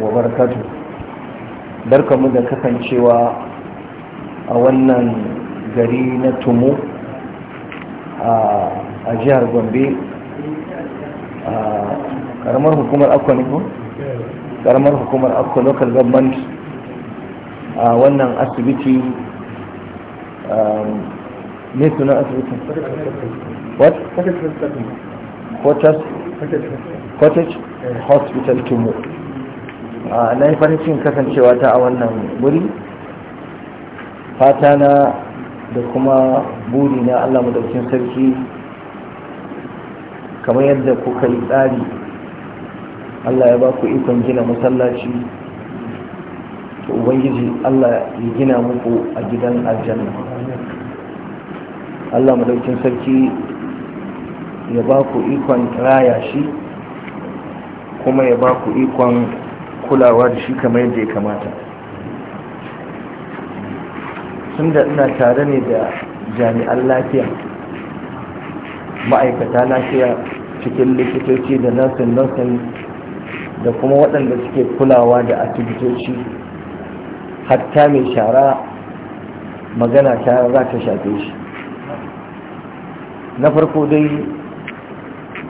wa barakatu barkamu da kasancewa a wannan gari na tumu a jihar gombe a karamar hukumar akwa ne karamar hukumar akwa local government a wannan asibiti ne um, sunan asibitin what? cottage hospital tumu na yi farin cikin kasancewa ta a wannan wuri fata na da kuma buri na allah madaukin sarki kamar yadda kuka yi tsari allah ya ba ku ikon gina masallaci to ubangiji allah ya gina muku a gidan aljanna allah madaukin sarki ya ba ku ikon raya shi kuma ya ba ku ikon kulawa da shi kamar yadda ya kamata sun da ina tare ne da jami'an lafiya ma'aikata lafiya cikin likitoci da nursing nursing da kuma waɗanda suke kulawa da asibitoci hatta mai shara magana ta za ta shafe shi na farko dai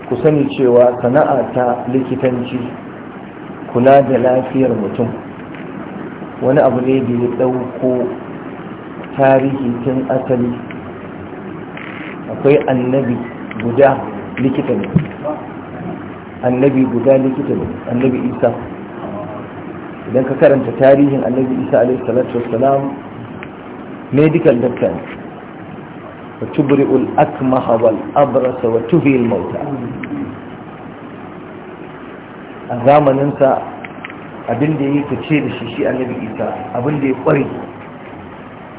ku sani cewa sana'a ta likitanci kula da lafiyar mutum wani abu ne da ya ɗauko tarihi tun asali akwai annabi guda likita ne annabi guda likita ne annabi isa idan ka karanta tarihin annabi isa alaihi salatu wassalam medical doctor ne wa tubri'ul akmaha wal abrasa wa tuhil mauta a zamaninsa abin da ya yi fice da shi shi annabi isa abin ya kware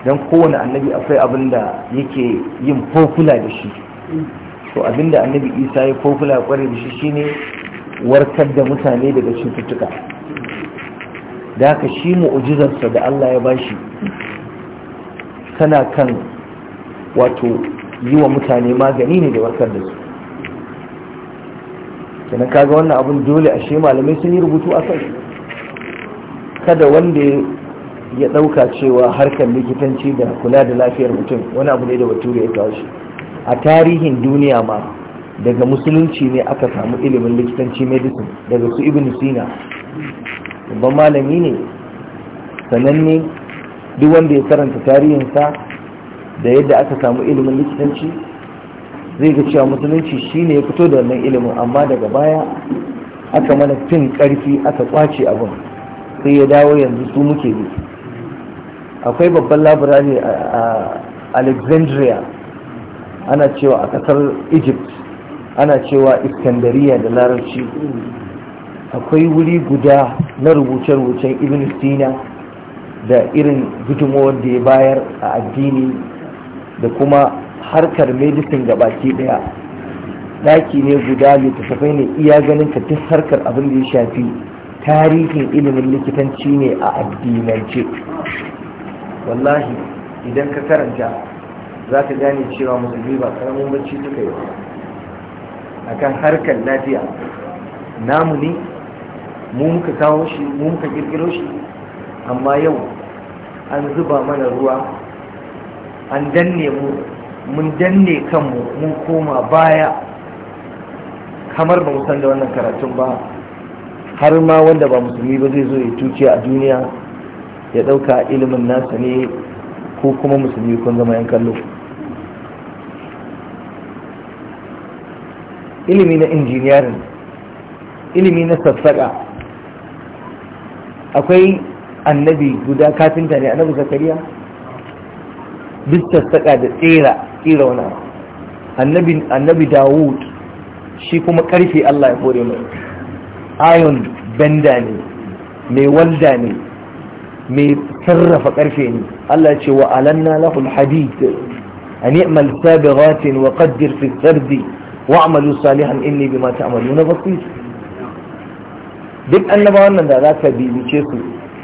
don kowane annabi akwai abinda da yake yin fofula da shi to abin annabi isa ya fofula ya kware da shi shine warkar da mutane daga cututtuka da haka shi mu'ujizarsa da allah ya bashi tana kan wato yi wa mutane magani ne da warkar da su kina kaga wannan abun dole ashe malamai sun yi rubutu a kai kada wanda ya ɗauka cewa harkar likitanci da kula da lafiyar mutum wani abu ne da bature ya kawo shi a tarihin duniya ma daga musulunci ne aka samu ilimin likitanci medicine daga su ibn sina babban malami ne sananne duk wanda ya karanta tarihinsa da yadda aka samu ilimin likitanci zai ga cewa musulunci ne ya fito da wannan ilimin amma daga baya aka mana fin karfi aka kwace abin sai ya dawo yanzu su muke bi akwai babban labirari a alexandria ana cewa a kasar egypt ana cewa iskandariya da larabci akwai wuri guda na rubuce-rubucen ibn sina da irin gudunmawar da ya bayar a addini da kuma harkar medicine ga baki daya daki ne guda littattafai ne iya ganin ka duk harkar abin da ya shafi tarihin ilimin likitanci ne a addinance wallahi idan ka karanta za ka gane cewa musulmi ba karamin bacci suka yi a kan harkar lafiya namu ne mu muka kawo shi mu muka kirkiro shi amma yau an zuba mana ruwa an danne mu mun danne kanmu mun koma baya kamar ba san da wannan karatun ba har ma wanda ba musulmi ba zai zo ya tuce a duniya ya ɗauka ilimin nasa ne ko kuma musulmi kun zama yan kallo ilimi na injiniyarin ilimi na sassaƙa akwai annabi guda kafinta ne annabi zakariya duk sassaƙa da tsera kira wani annabi annabi Dawud shi kuma karfe Allah ya kore mai iron benda ne mai walda ne mai sarrafa karfe ne Allah ce wa alanna lahul hadid an i'mal sabiratin wa qaddir fi sardi wa'malu salihan inni bima ta'maluna basir duk annabawan nan da za ka bibice su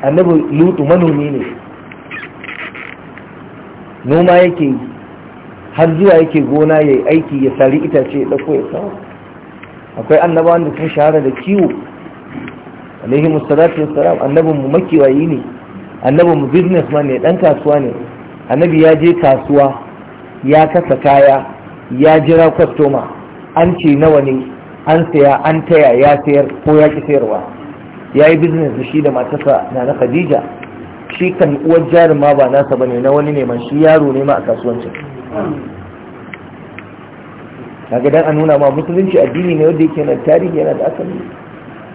annabi lutu manomi ne noma yake yi har zuwa yake gona ya yi aiki ya sari itace ya ɗauko ya kawo akwai annabawan da sun shahara da kiwo alaihi musalatu Salam? annabin mu makiwayi ne annabin mu business man ne dan kasuwa ne annabi ya je kasuwa ya kasa kaya ya jira kwastoma an ce nawa ne an saya an taya ya sayar ko ya ki sayarwa ya yi business da shi da matarsa na na khadija shi kan uwar jarin ba nasa bane na wani ne shi yaro ne ma a kasuwancin kaga dan a nuna ma musulunci addini ne wanda yake nan tarihi yana da asali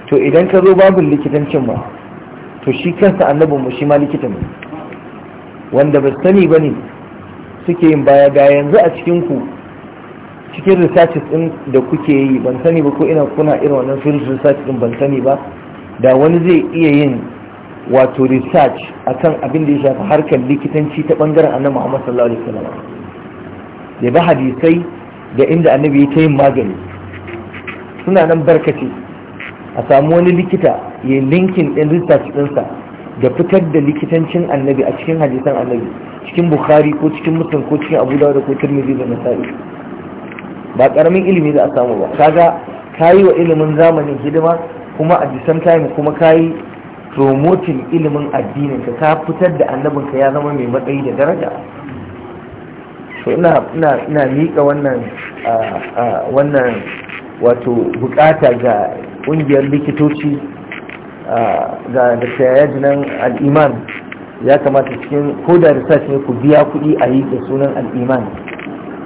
to idan ka zo babin likitancin ma to shi kansa annabin mu shi ma likita ne wanda ba sani ba ne suke yin baya ga yanzu a cikin ku cikin researches din da kuke yi ban sani ba ko ina kuna irin wannan field research din ban sani ba da wani zai iya yin wato research akan abin da ya shafi harkar likitanci ta bangaren annabi Muhammad sallallahu alaihi wasallam ya bi hadisai da inda annabi ya ta yin magani suna nan barkace a samu wani likita ya linkin ɗin research ɗinsa da fitar da likitancin annabi a cikin hadisan annabi cikin bukhari ko cikin muslim ko cikin abu da ko turmizi da nasari ba karamin ilimi za a samu ba kaga yi wa ilimin zamanin hidima kuma a jisan time kuma yi promoting ilimin addinin ka ka fitar da annabinka ya zama mai matsayi da daraja So ina ina wannan wannan wato bukata ga ƙungiyar likitoci ga da tsayayyaji nan al'iman ya kamata cikin ko da research ne ku biya kuɗi a yi da sunan al'iman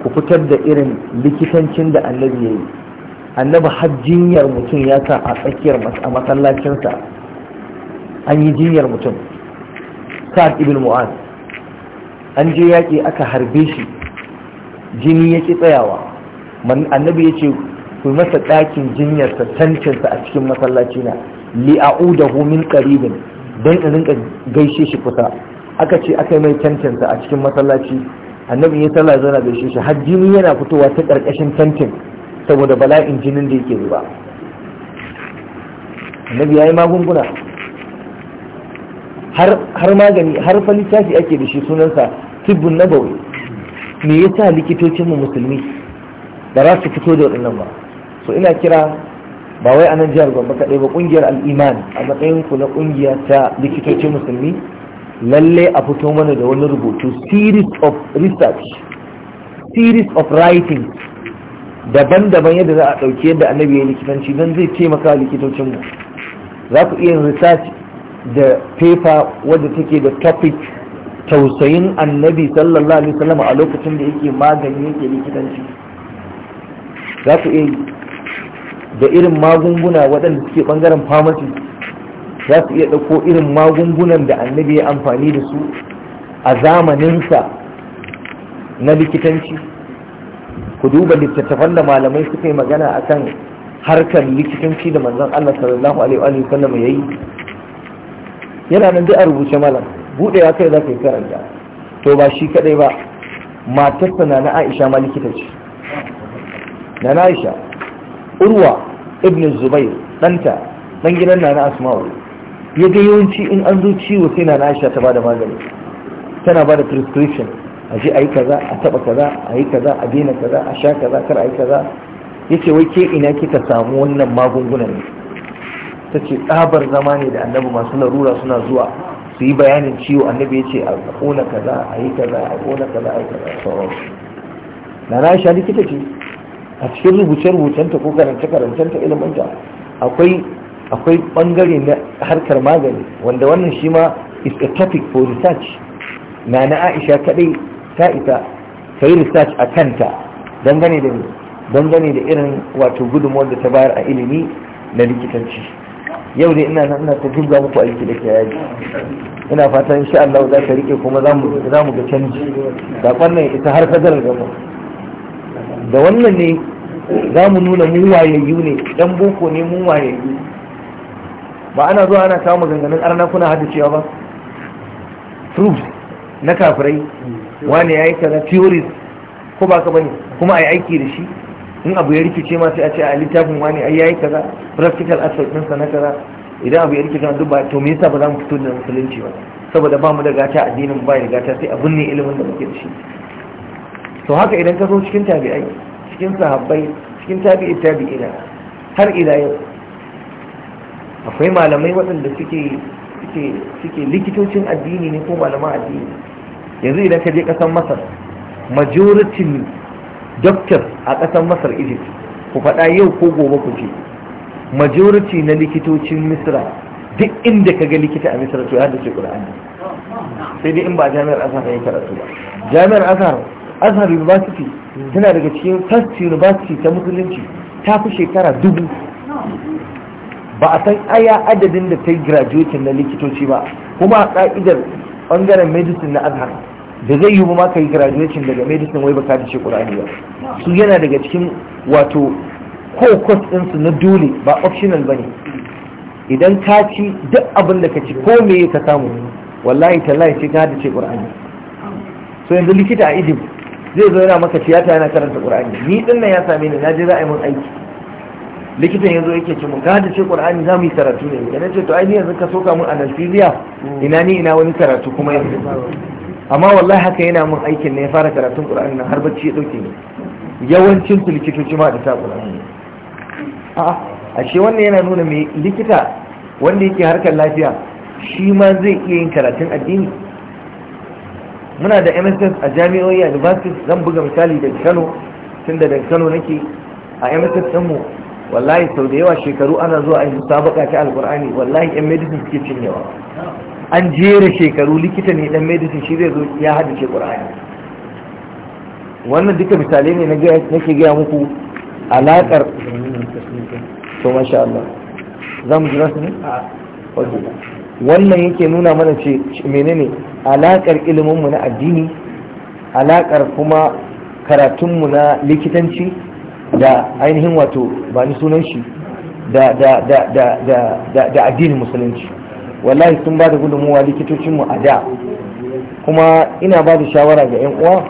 ku fitar da irin likitancin da annabi ya yi annabi har jinyar mutum ya sa a tsakiyar a masallacinsa an yi jinyar mutum sa'ad ibn mu'ad an je yaƙi aka harbe shi jini ya yake tsayawa annabi ya ce ku masa ɗakin jinyarsa tantinsa a cikin masallaci na da min qaribin dan in rinka gaishe shi kusa aka ce aka yi mai tantinsa a cikin masallaci annabi ya sallah zauna gaishe shi har jini yana fitowa ta ƙarƙashin tantin saboda bala'in jinin da yake zuba annabi ya yi magunguna har magani har fa littafi ake da shi sunansa tibbun nabawi me yasa likitocin mu musulmi da za su fito da waɗannan ba so ina kira ba wai a nan jihar gwamba kaɗai ba ƙungiyar al'iman a matsayin ku na ƙungiya ta likitocin musulmi Lallai a fito mana da wani rubutu series of research series of writing daban-daban yadda za a ɗauki yadda annabi ya likitanci don zai taimaka likitocinmu za ku iya research da paper wadda take da topic tausayin annabi sallallahu alaihi wasallam a lokacin da yake magani yake likitanci za ku iya da irin magunguna waɗanda suke ɓangaren famasi za su iya ɗauko irin magungunan da annabi ya amfani da su a zamaninsa na likitanci ku duba littattafan da malamai suka yi magana akan harkar likitanci da manzan Allah sallallahu alaihi wa sallam yi? yana nan duk a rubuce malam budewa kai za ka yi karanta to ba shi kadai ba matarsa na na aisha ma likita ce na aisha urwa ibn zubair ɗanta ɗan gidan Nana na asma'u ya ga yawanci in an zo ciwo sai na aisha ta bada magani tana bada prescription a je a yi kaza a taba kaza a yi kaza a daina kaza a sha kaza kar a yi kaza yace wai ke ina kika samu wannan magungunan ne ta ce tsabar zama ne da annabi masu larura suna zuwa su yi bayanin ciwo annabi ya ce a kona kaza a yi kaza a kona kaza a yi kaza a sauran na na sha likita ce a cikin rubuce-rubucenta ko karanta karancenta ilimanta akwai akwai bangare na harkar magani wanda wannan shi ma is a topic for research na na aisha kadai ta ita ta yi research a kanta dangane da dangane da irin wato gudunmuwar da ta bayar a ilimi na likitanci yau dai ina nan ina ta jibga muku aiki da ke ina fatan insha Allah za ta rike kuma za mu ga canji da nan ita har fadarar gaba da wannan ne za mu nuna mu wayayyu ne dan boko ne mu wayayyu ba ana zuwa ana kawo maganganun arna kuna hada cewa ba proof na kafirai wani ya yi kaza theories ko ba ka bane kuma a yi aiki da shi in abu ya rikice ma sai a ce a littafin wani ai yayi kaza practical aspect din sa na kaza idan abu ya rikice duk duba to me yasa ba za mu fito da musulunci ba saboda ba mu da gata addinin ba ya gata sai abun ne ilimin da muke da shi to haka idan ka zo cikin tabi'ai cikin sahabbai cikin tabi'i tabi'ina har ila yau akwai malamai waɗanda suke suke suke likitocin addini ne ko malaman addini yanzu idan ka je ƙasar masar majoritin doctor a ƙasar masar egypt ku faɗa yau ko gobe ku ce majority na likitocin misra duk inda ka ga likita a misra to ya da ce ƙura'ani sai dai in ba jami'ar azhar ya karatu ba jami'ar azhar azhar university tana daga cikin first university ta musulunci ta fi shekara dubu ba a san aya adadin da ta yi graduating na likitoci ba kuma a ka'idar bangaren medicine na azhar da zai yiwu ma ka yi graduation daga medicine wai baka da ce qur'ani ba su yana daga cikin wato ko course din na dole ba optional bane idan ka ci duk abin da ka ci ko me ka samu wallahi tallahi sai ka da ce qur'ani so yanzu likita a Egypt zai zo yana maka tiyata yana karanta qur'ani ni din nan ya same ni na je za a yi mun aiki likitan yanzu yake ce mun gada ce qur'ani za mu yi karatu ne idan ce to ai ni yanzu ka soka mun anesthesia ina ni ina wani karatu kuma yanzu amma wallahi haka yana mun aikin ne ya fara karatun qur'ani nan har bacci ya dauke ni yawancin su likitoci ma da ta qur'ani a'a ashe wannan yana nuna me likita wanda yake harkar lafiya shi ma zai iya yin karatun addini muna da MSS a jami'o'i a universities zan buga misali da Kano tun da Kano nake a MSS ɗinmu wallahi sau da yawa shekaru ana zuwa a yi musabaka ta alkur'ani wallahi yan medicine suke cinyewa an jera shekaru likita ne dan medicine shi zai zo ya haddace qur'ani wannan duka misali ne na nake gaya muku alaƙar to masha Allah za mu jira su ne wannan yake nuna mana ce menene alaƙar iliminmu na addini alaƙar kuma karatunmu na likitanci da ainihin wato ba ni sunan shi da addinin musulunci wallahi sun ba da gudunmuwa likitocinmu a da kuma ina ba da shawara ga 'yan uwa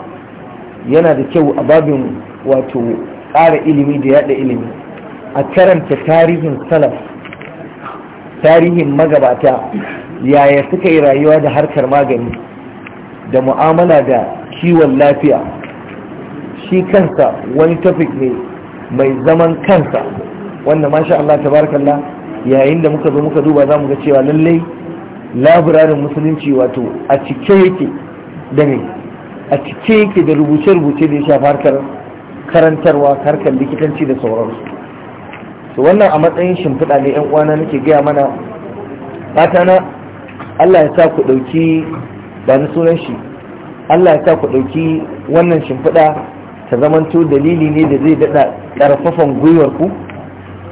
yana da kyau a babin wato ƙara ilimi da yada ilimi a karanta tarihin salaf tarihin magabata yaya suka yi rayuwa da harkar magani da mu'amala da kiwon lafiya shi kansa wani tafik ne mai zaman kansa wanda masha Allah tabarakallah yayin da muka zo muka duba za mu ga cewa lallai labirarin musulunci wato a cike yake da ne a cike yake da rubuce-rubuce da ya shafa harkar karantarwa harkar likitanci da sauransu to wannan a matsayin shimfiɗa ne yan uwana nake gaya mana fata na Allah ya sa ku ɗauki da ni sunan shi Allah ya sa ku ɗauki wannan shimfiɗa ta zamanto dalili ne da zai daɗa ƙarfafan gwiwar ku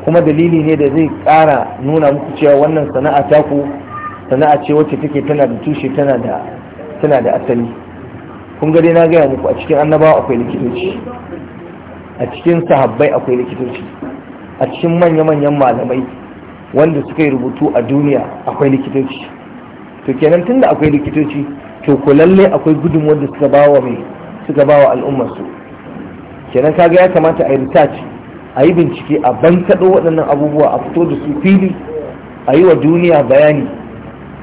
kuma dalili ne da zai ƙara nuna muku cewa wannan sana'a ku sana'a ce wacce take tana da tushe tana da asali kun ga dai na gaya muku a cikin annabawa akwai likitoci a cikin sahabbai akwai likitoci a cikin manya-manyan malamai wanda suka yi rubutu a duniya akwai likitoci to kenan tunda akwai likitoci to ku lalle akwai gudun wanda suka bawa wa al'ummar su kenan kaga ya kamata a yi research a yi bincike a bankaɗo waɗannan abubuwa a fito da su fili a yi wa duniya bayani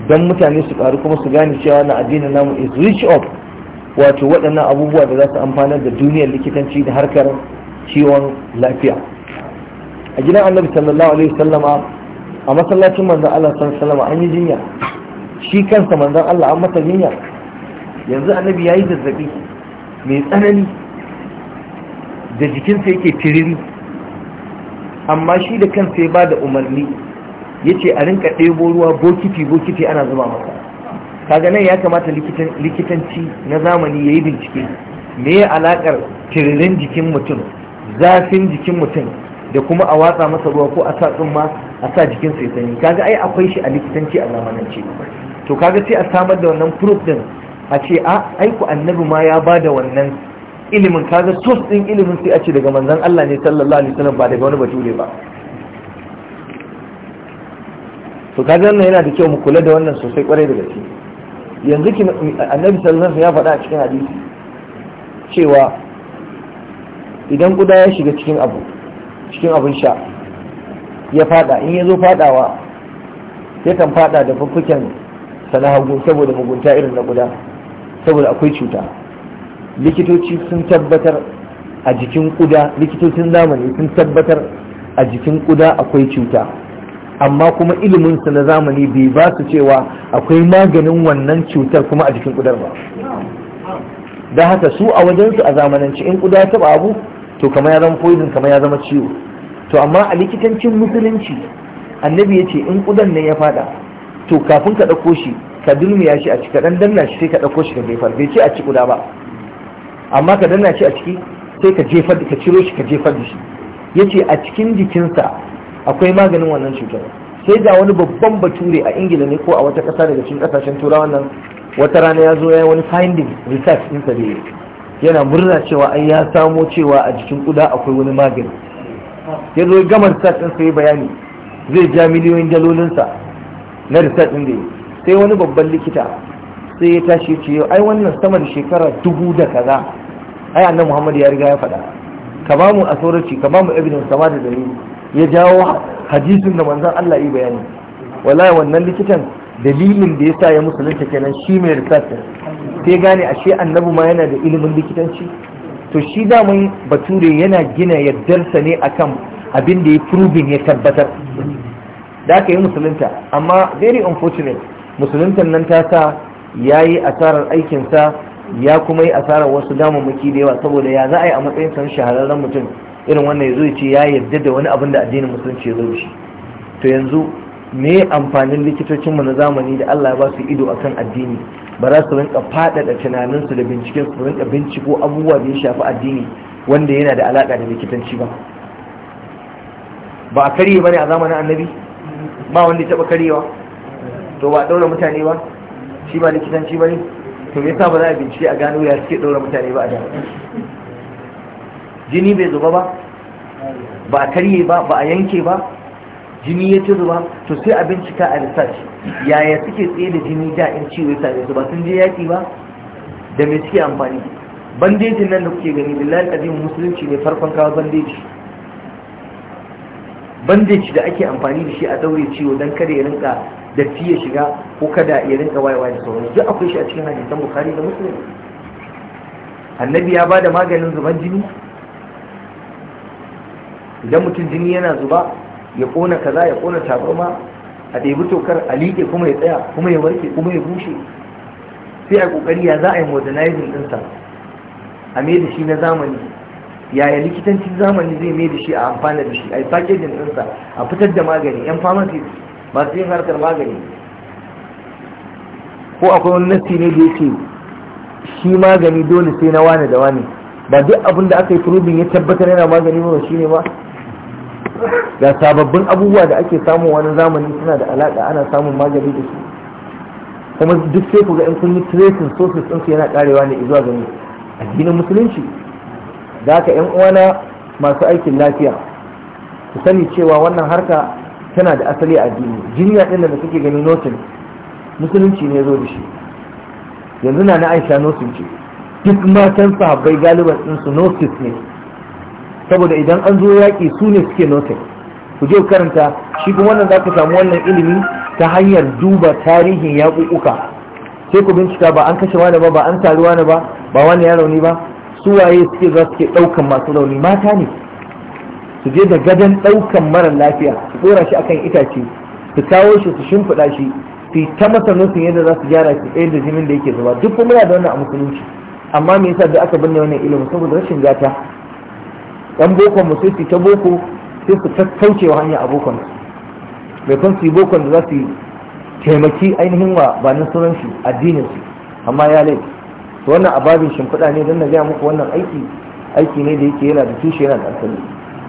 don mutane su ƙaru kuma su gane cewa na addinin namu is rich up wato waɗannan abubuwa da za su amfanar da duniyar likitanci da harkar ciwon lafiya a gidan annabi sallallahu alaihi wasallama a masallacin manzon Allah sallallahu alaihi an yi jinya shi kansa manzon Allah an mata jinya yanzu annabi yi zazzabi mai tsanani da jikinsa yake tiriri amma shi da kansa ya ba da umarni ya ce a rinka ɗebo ruwa bokiti bokiti ana zuba masa kaga nan ya kamata likitanci na zamani ya yi bincike me ya alaƙar tiririn jikin mutum zafin jikin mutum da kuma a watsa masa ruwa ko a sa tsumma a sa jikin ya sanyi kaga ai akwai shi a likitanci a zamanance to kaga sai a samar da wannan proof din a ce a ah, aiku annabi ma ya ba da wannan ilimin kaga tus din ilimin sai a ce daga manzon Allah ne sallallahu alaihi wasallam ba daga wani bature ba to kaga wannan yana da kyau mu kula da wannan sosai kwarai da gaske yanzu ki annabi sallallahu alaihi wasallam ya faɗa a cikin hadisi cewa idan guda ya shiga cikin abu cikin abin sha ya fada in ya zo fadawa kan fada da fuffuken sana hagu saboda mugunta irin na guda saboda akwai cuta likitoci sun tabbatar a jikin kuda likitocin zamani sun tabbatar a jikin kuda akwai cuta amma kuma iliminsu na zamani bai ba su cewa akwai maganin wannan cutar kuma a jikin kudar ba da haka su a wajensu a zamanance in kuda ta abu to kama ya zama poison kama ya zama ciwo to amma a likitancin musulunci annabi ya ce in kudan nan ya fada to kafin ka ɗauko shi ka dulmiya shi a ci ka ɗan danna shi sai ka ɗauko shi ka bai farbe ce a ci kuda ba amma ka danna shi a ciki sai ka jefar ka ciro shi ka jefar da shi yace a cikin jikinsa akwai maganin wannan cutar sai ga wani babban bature a ingila ne ko a wata kasa daga cikin kasashen turawan nan wata rana ya zo ya yi wani finding research sa da yana murna cewa an ya samo cewa a jikin kuda akwai wani magani ya zo gama research din ya bayani zai ja miliyoyin dalolinsa na research din da sai wani babban likita sai ya tashi ce ai wannan sama da shekara dubu da kaza ai annabi Muhammad ya riga ya faɗa ka ba mu asorarci ka ba mu evidence sama da dalili ya jawo hadisin da manzon Allah yi bayani wallahi wannan likitan dalilin da yasa ya musulunta kenan shi mai research sai gane ashe annabi ma yana da ilimin likitanci to shi daman bature yana gina yardarsa ne akan abin da ya proving ya tabbatar da aka yi musulunta amma very unfortunate musuluntan nan ta sa ya yi asarar aikinsa ya kuma yi asarar wasu damammaki da yawa saboda ya za a yi a matsayin san shahararren mutum irin wannan ya zo ya ce ya yarda da wani abin da addinin musulunci ya zo da shi to yanzu me amfanin likitocinmu na zamani da Allah ya ba su ido akan addini ba za su rinka faɗaɗa tunaninsu da binciken su rinka binciko abubuwa da ya shafi addini wanda yana da alaƙa da likitanci ba ba a karye ba ne a zamanin annabi ba wanda ya taɓa karyewa to ba a ɗaura mutane ba shi ba likitanci ba ne to yasa ba za a bincike a gano ya suke ɗora mutane ba a da jini bai zuba ba ba a karye ba ba a yanke ba jini ya ci zuba to sai a bincika a research yaya suke tsaye da jini da in ciwo ya same su ba sun je yaƙi ba da me suke amfani bandejin nan da kuke gani billahi azim musulunci ne farkon kawo bandeji bandeji da ake amfani da shi a daure ciwo don kada ya rinka datti ya shiga ko kada ya rinka wayewa da sauran duk akwai shi a cikin hadisan bukhari da muslim annabi ya bada maganin zuban jini idan mutum jini yana zuba ya kona kaza ya kona tabarma a ɗebi tokar a liƙe kuma ya tsaya kuma ya warke kuma ya bushe sai a ƙoƙari ya za a yi modernizing ɗinsa a mai da shi na zamani yaya likitancin zamani zai mai da shi a amfana da shi a yi packaging ɗinsa a fitar da magani yan pharmacies masu yin harkar magani ko akwai wani nasi ne da yake shi magani dole sai na wane da wane ba duk abin da aka yi furubin ya tabbatar yana magani ba shi ne ba ga sababbin abubuwa da ake samu wani zamani suna da alaƙa ana samun magani da su kuma duk sai ku ga in kun yi tracing sources ɗinsu yana karewa ne zuwa gani addinin musulunci da haka 'yan uwana masu aikin lafiya ku sani cewa wannan harka tana da asali a addini jinya ɗin da suke gani notin musulunci ne zo da shi yanzu na na aisha notin ce duk matan sahabbai galiban ɗinsu notis ne saboda idan an zo yaƙi su ne suke notin ku je karanta shi kuma wannan za ku samu wannan ilimi ta hanyar duba tarihin yaƙuƙuka sai ku bincika ba an kashe wani ba ba an taruwa wani ba ba wani ya rauni ba su waye suke za su ke ɗaukan masu rauni mata ne su je da gadon ɗaukan mara lafiya su tsora shi akan itace su kawo shi su shimfiɗa shi su ta masa yadda za su gyara shi ɗaya da jimin da yake zuba duk yana da wannan a musulunci amma me yasa da aka binne wannan ilimin saboda rashin gata ɗan bokon mu sai su ta boko sai su ta kaucewa hanya a bokon mai kan su yi bokon da za su taimaki ainihin wa ba na sunan shi addinin su amma ya laifi to wannan ababin shimfiɗa ne don na gaya muku wannan aiki aiki ne da yake yana da tushe yana da asali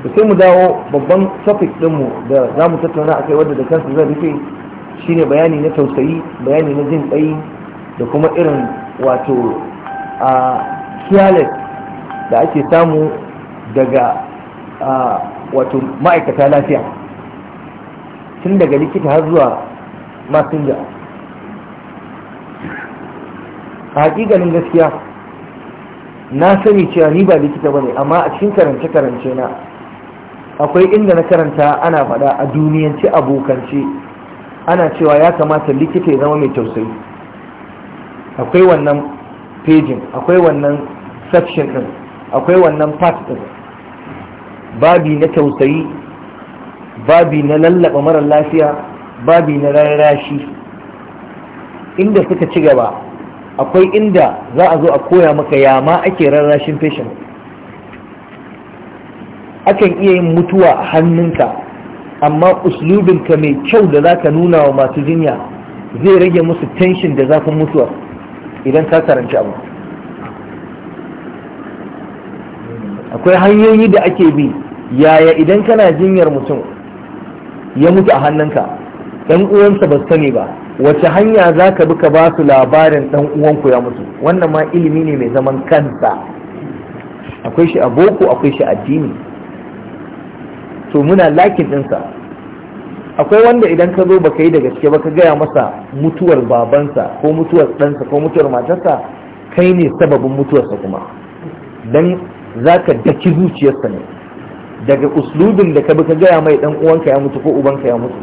da sai mu dawo babban topic dinmu da za mu tattauna a kai wadda da kansu zai rufe shine bayani na tausayi bayani na jin tsayi da kuma irin wato a kiyalet da ake samu daga wato ma'aikata lafiya tun daga likita har zuwa masinja a hakikalin gaskiya na sani cewa ni ba likita ba ne amma a cikin karance-karance na akwai inda na karanta ana faɗa a duniyanci abokance ana cewa ya kamata likita ya zama mai tausayi akwai wannan pejin akwai wannan section ɗin akwai wannan part ɗin babi na tausayi babi na lallaba marar lafiya babi na rarashi. inda suka ci gaba akwai inda za a zo a koya maka yama ake rarrashin patient akan iya yin mutuwa a hannunka amma uslubinka mai kyau da za ka nuna wa masu jinya zai rage musu tension da zafin mutuwa idan ka karanci abu akwai hanyoyi da ake bi yaya idan kana jinyar mutum ya mutu a hannunka ɗan uwansa ba sani ba wace hanya za ka bi ka ba su labarin ɗan uwanku ya mutu wannan ma ilimi ne mai zaman kansa akwai shi a boko akwai shi addini to muna lakin ɗinsa akwai wanda idan ka zo baka yi da gaske ba ka gaya masa mutuwar babansa ko mutuwar ɗansa ko mutuwar matarsa kai ne sababin mutuwarsa kuma don za ka daki zuciyarsa ne daga uslubin da ka bi ka gaya mai ɗan uwanka ya mutu ko ubanka ya mutu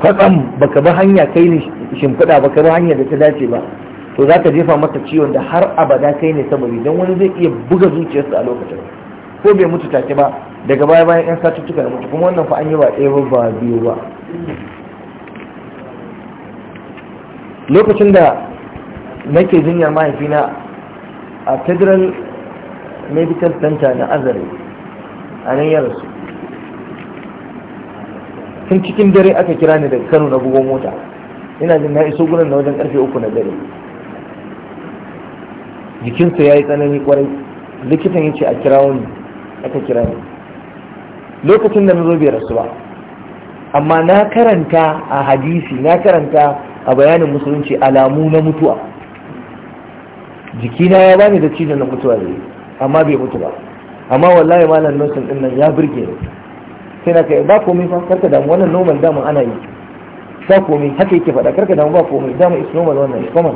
kwatsam baka bi hanya kai ne shimfiɗa baka bi hanya da ta dace ba to za ka jefa masa ciwon da har abada kai ne sababi don wani zai iya buga zuciyarsa a lokacin ko bai mutu take ba daga baya bayan yan satuttuka da mutu kuma wannan fa an yi ba ɗaya ba biyu ba lokacin da nake jinyar mahaifina a federal medical center na azare a nan ya rasu tun cikin dare aka kira ni daga kano na bugon mota ina jin na iso gudun na wajen karfe uku na dare jikinsa ya yi tsanani kwarai likitan ya ce a kira wani aka kira ni lokacin da na zo bai rasu ba amma na karanta a hadisi na karanta a bayanin musulunci alamu na mutuwa jikina ya bani da cizon na mutuwa zai amma bai mutu ba amma wallahi malam nusin din nan ya burge ni sai na kai ba komai fa karka damu wannan normal damu ana yi ba komai haka yake faɗa karka damu ba komai damu is normal wannan ne, kuma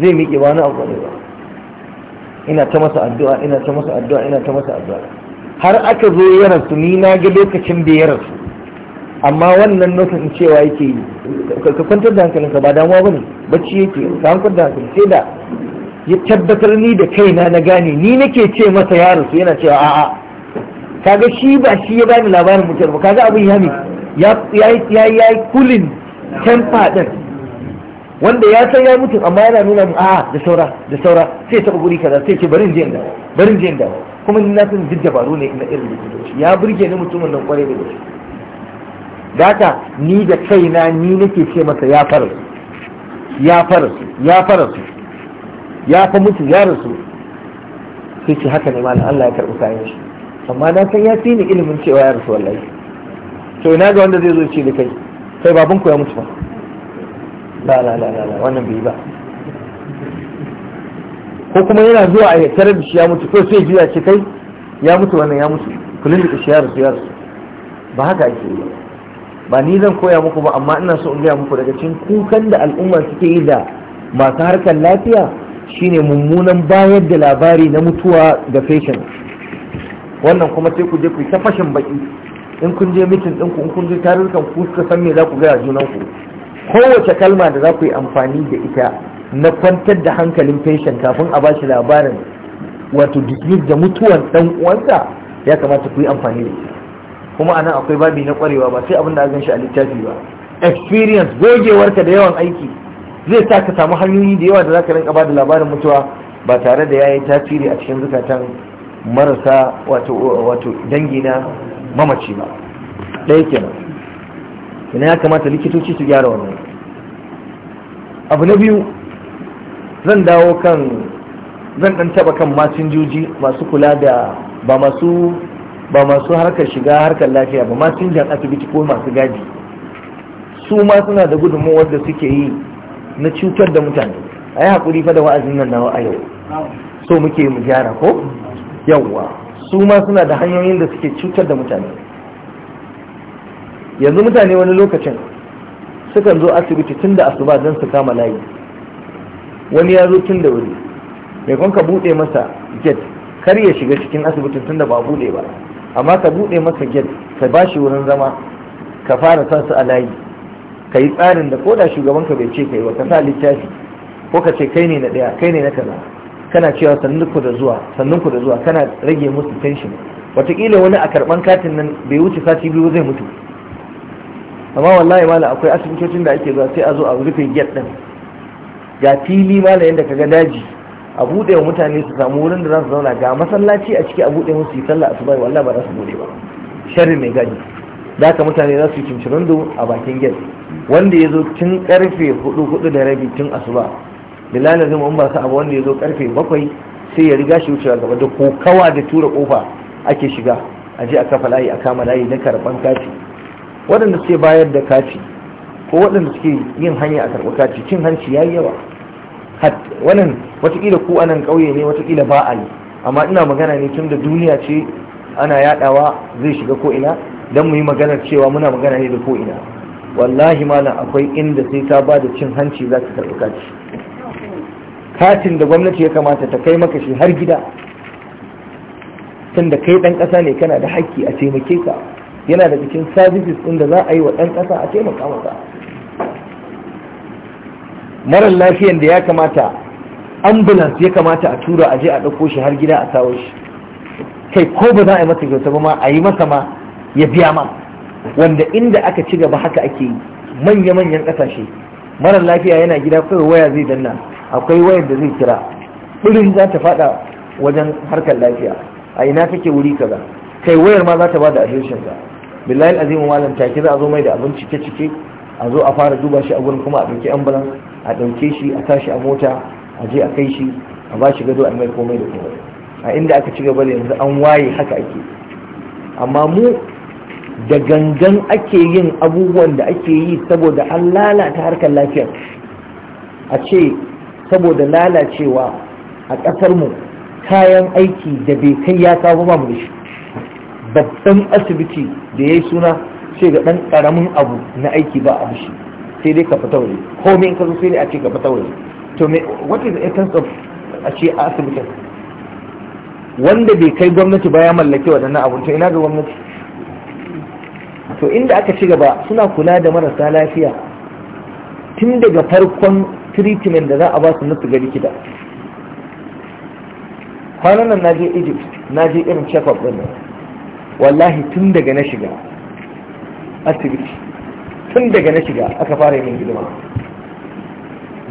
zai miƙe ba wani abu ne ba ina ta masa addu'a ina ta masa addu'a ina ta masa addu'a har aka zo ya rasu ni na ga lokacin da ya rasu amma wannan nufin cewa yake yi ka kwantar da hankalinka ba damuwa bane bacci yake ka hankar da hankalin sai da ya tabbatar ni da kaina na gane ni nake ce masa ya rasu yana cewa a'a kaga shi ba shi ya bani labarin mutuwar ba kaga abin yami ya ya ya kulin tempa din wanda ya san ya mutu amma yana nuna mu a'a da saura da saura sai ya taba guri kaza sai ce bari in je inda bari in je inda kuma ni na san duk dabaru ne na irin likitoci ya burge ni mutumin nan kwarai da gaske data ni da kaina ni nake ce masa ya fara su ya fara su ya fara su ya fa mutu ya rasu sai ce haka ne malam Allah ya karɓi kayan shi amma na san ya fi ni ilimin cewa ya rasu wallahi to ina ga wanda zai zo ce da kai kai babanku ya mutu ba la la la la wannan bai ba ko kuma yana zuwa a tare da shi ya mutu ko sai jiya ce kai ya mutu wannan ya mutu kulin da shi ya rasu ya rasu ba haka ake yi ba ni zan koya muku ba amma ina so in gaya muku daga cikin kukan da al'umma suke yi da masu harkar lafiya shine mummunan bayar da labari na mutuwa ga fashion wannan kuma sai ku je ku ta fashin baki in kun je mitin ɗinku in kun je tarurkan ku suka san me za ku gaya junanku kowace kalma da za ku yi amfani da ita na kwantar da hankalin patient kafin a bashi labarin wato dismiss da mutuwan dan uwansa ya kamata ku yi amfani da shi kuma anan akwai babi na kwarewa ba sai abin da gan shi a littafi ba experience gogewarka da yawan aiki zai sa ka samu hanyoyi da yawa da zaka rinka bada labarin mutuwa ba tare da yayi tasiri a cikin zukatan marasa wato wato dangi na mamaci ba ɗaya kenan ina ya kamata likitoci su gyara wannan abu na biyu zan dawo kan zan dan taba kan masinjoji masu kula da ba masu ba masu harkar shiga harkar lafiya ba masinjan asibiti ko masu gadi su ma suna da gudunmawar da suke yi na cutar da mutane a yi haƙuri fa da wa'azin nan nawa a yau so muke mu gyara ko yawwa su ma suna da hanyoyin da suke cutar da mutane yanzu mutane wani lokacin sukan zo asibiti tun da asuba don su kama layi wani ya zo tun da wuri maimakon ka buɗe masa get kar ya shiga cikin asibitin tun da ba buɗe ba amma ka buɗe masa get ka ba shi wurin zama ka fara sa su a layi ka yi tsarin da koda shugabanka bai ce ka yi ba ka sa littafi ko ka ce kai ne na ɗaya kai ne na kaza kana cewa sannan ku da zuwa sannan ku da zuwa kana rage musu tension watakila wani a karɓan katin nan bai wuce sati biyu zai mutu amma wallahi mala akwai asibitocin da ake zuwa sai a zo a rufe get ɗin ga fili yadda da ga daji a buɗe wa mutane su samu wurin da za su zauna ga masallaci a ciki a buɗe musu yi sallah asuba wallahi ba za su buɗe ba sharri mai gani. da haka mutane za su yi cincirindo a bakin gate wanda ya zo tun karfe hudu hudu da rabi tun asuba bilal azum umma ba abu wanda ya zo karfe bakwai sai ya riga shi wucewa gaba da kokawa da tura kofa ake shiga a je a kafa layi a kama layi na karban kati waɗanda suke bayar da kati ko waɗanda suke yin hanya a karɓuka kaci, cin hanci ya yi yawa wannan watakila ko anan ƙauye ne watakila ba a yi amma ina magana ne tun da duniya ce ana yaɗawa zai shiga ko ina don mu yi maganar cewa muna magana ne da ko ina wallahi malam akwai inda sai ta ba da cin hanci za ka karɓi kati katin da gwamnati ya kamata ta kai maka shi har gida tun da kai ɗan ƙasa ne kana da haƙƙi a taimake ka yana da cikin services ɗin da za a yi wa ɗan ƙasa a taimaka masa marar lafiyan da ya kamata ambulance ya kamata a tura aje a ɗauko shi har gida a kawo shi kai ko ba za a yi masa kyauta ba ma a yi masa ma ya biya ma wanda inda aka ci gaba haka ake yi manya-manyan ƙasashe marar lafiya yana gida kawai waya zai danna akwai wayar da zai kira ɗirin za ta faɗa wajen harkar lafiya a ina kake wuri kaza kai wayar ma za ta ba da adireshin ka billahi azimu malam take za a zo mai da abin cike-cike a zo a fara duba shi a gurin kuma a ɗauki ambulance a ɗauke shi a tashi a mota a je a kai shi a ba shi gado a mai komai da komai a inda aka ci gaba da yanzu an waye haka ake amma mu da gangan ake yin abubuwan da ake yi saboda an lalata harkar lafiya a ce saboda lalacewa a ƙasar mu kayan aiki da bai kai ya kawo ba mu shi babban asibiti da ya yi suna sai ga ɗan ƙaramin abu na aiki ba a shi sai dai ka fita waje komai in ka zo sai dai a ce ka fita waje to me what is the essence of a ce a asibitin wanda bai kai gwamnati ba ya mallake waɗannan abun to ina ga gwamnati to inda aka ci gaba suna kula da marasa lafiya tun daga farkon treatment da za a ba su na ga likita kwanan nan naje egypt naje irin check-up ɗin wallahi tun daga na shiga asibiti tun daga na shiga aka fara yin hidima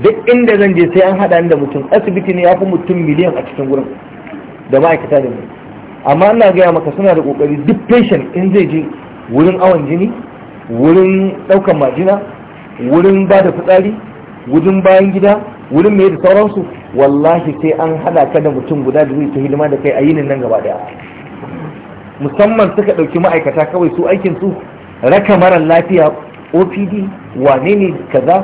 duk inda zan je sai an hada ni da mutum asibiti ne ya fi mutum miliyan a cikin gurin da ma'aikata da mu amma ina gaya maka suna da kokari duk patient in zai je wurin awon jini wurin ɗaukan majina wurin ba da fitsari wurin bayan gida wurin mai da sauransu wallahi sai an haɗa ka da mutum guda da zai ta hidima da kai a yinin nan gaba daya musamman suka ɗauki ma'aikata kawai su aikin su raka marar lafiya opd wane ne kaza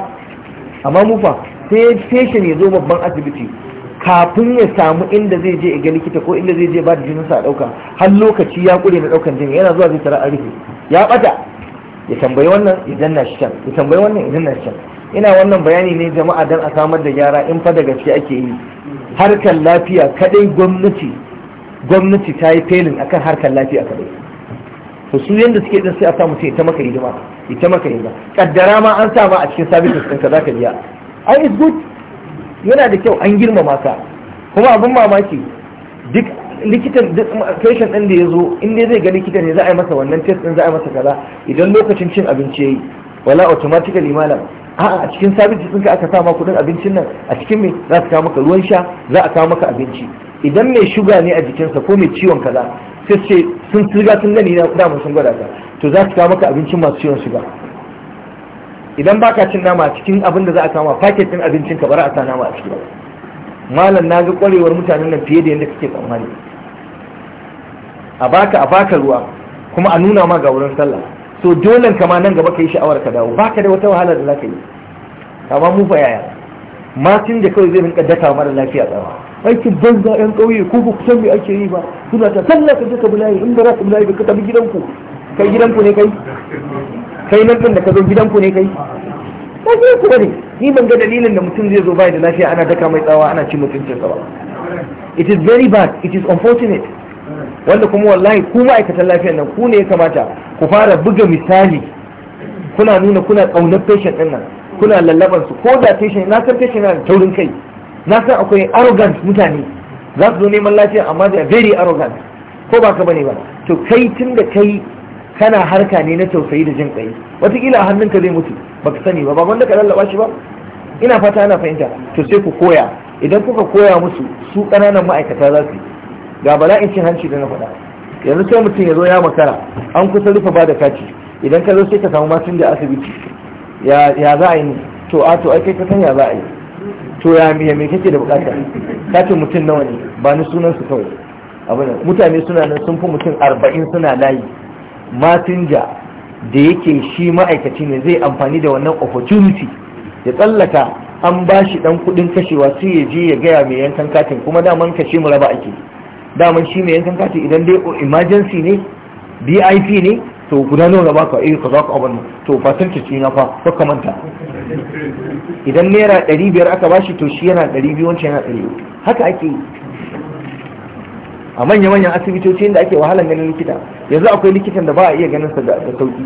amma mufa sai station ya zo babban asibiti kafin ya samu inda zai je ga likita ko inda zai je ba da sa a ɗauka har lokaci ya ƙure na daukan jini yana zuwa zai tara a rufe ya ɓata ya tambayi wannan ya danna shi can ya tambayi wannan ya danna shi can ina wannan bayani ne jama'a dan a samar da gyara in fa da gaske ake yi harkar lafiya kadai gwamnati gwamnati ta yi felin akan harkar lafiya kadai to su yanda suke din sai a sa mutum ita maka hidima ita maka hidima kaddara ma an sa ma a cikin services ɗinka za ka biya ai is good yana da kyau an girmama ka kuma abin mamaki duk likitan patient ɗin da ya zo in dai zai ga likita ne za a yi masa wannan test ɗin za a yi masa kaza idan lokacin cin abinci ya yi wala automatically malam a'a a cikin sun ɗinka aka sa ma kuɗin abincin nan a cikin me za su kawo maka ruwan sha za a kawo maka abinci idan mai shuga ne a jikinsa ko mai ciwon kaza sai ce sun tsirga sun gani na damar sun gwada ka to za su maka abincin masu ciwon shiga idan ka cin nama cikin abin da za a kama paket din abincin ka bari a sa nama a ciki malam na ga kwarewar mutanen nan fiye da yadda kake tsammani a baka a baka ruwa kuma a nuna ma ga wurin sallah so dole ma nan gaba ka yi sha'awar ka dawo baka da wata wahala da za ka yi amma mu fa yaya matin da kawai zai rinka daka mara lafiya tsawa aikin banza yan ƙauye ko ku kusan me ake yi ba suna ta talla ka je ka in ba za ka bulaye ka tafi gidanku kai gidanku ne kai kai nan din da ka zo gidanku ne kai ba zai ku ne ni ban ga dalilin da mutum zai zo bai da lafiya ana daka mai tsawa ana ci mutuncin sa ba it is very bad it is unfortunate wanda kuma wallahi ku ma'aikatan lafiyan nan ku ne ya kamata ku fara buga misali kuna nuna kuna ƙaunar patient ɗin nan kuna lallaban su ko da patient na san patient yana taurin kai na san akwai arrogant mutane za su zo neman lafiya amma da very arrogant ko ba ka bane ba to kai tun da kai kana harka ne na tausayi da jin kai wataƙila a hannunka zai mutu ba ka sani ba ba wanda ka lallaba shi ba ina fata ana fahimta to sai ku koya idan kuka koya musu su ƙananan ma'aikata za su yi ga bala'in cin hanci da na faɗa yanzu sai mutum ya zo ya makara an kusa rufe ba da kaci idan ka zo sai ka samu masu da asibiti ya za a yi to a to ai kai ka san ya za a yi to ya miya me kake da bukata kake mutum nawa ne ba ni sunan su kawai abin mutane suna nan sun fi mutum arba'in suna layi masinja da yake shi ma'aikaci ne zai amfani da wannan opportunity ya tsallaka an ba shi dan kudin kashewa sai ya je ya gaya mai yankan katin kuma daman kashe mu raba ake daman shi mai yankan katin idan dai emergency ne bip ne to guda nawa na baka eh kaza ka abin to fatanci ce na fa ka manta idan naira ɗari biyar aka bashi to shi yana ɗari biyu wancan yana ɗari haka ake yi a manya-manyan asibitoci da ake wahalan ganin likita yanzu akwai likitan da ba a iya ganin sa da sauki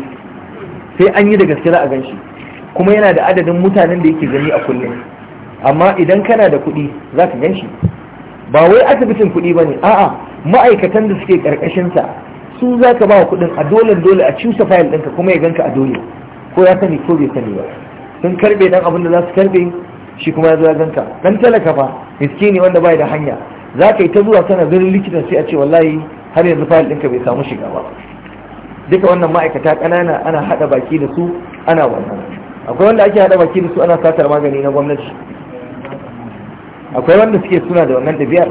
sai an yi da gaske za a gan shi kuma yana da adadin mutanen da yake gani a kullum amma idan kana da kuɗi za ka gan shi ba wai asibitin kuɗi ba ne a'a ma'aikatan da suke ƙarƙashinsa su za ka ba kuɗin a dole dole a cusa fayil ɗinka kuma ya ganka a dole ko ya sani ko bai sani ba sun karbe dan abin da za su karbe shi kuma ya zo ya ganka dan talaka fa ne wanda bai da hanya za ka yi ta zuwa sana ganin likitan sai a ce wallahi har yanzu fayil ɗinka bai samu shiga ba duka wannan ma'aikata ƙanana ana haɗa baki da su ana wannan akwai wanda ake haɗa baki da su ana satar magani na gwamnati akwai wanda suke suna da wannan ɗabi'ar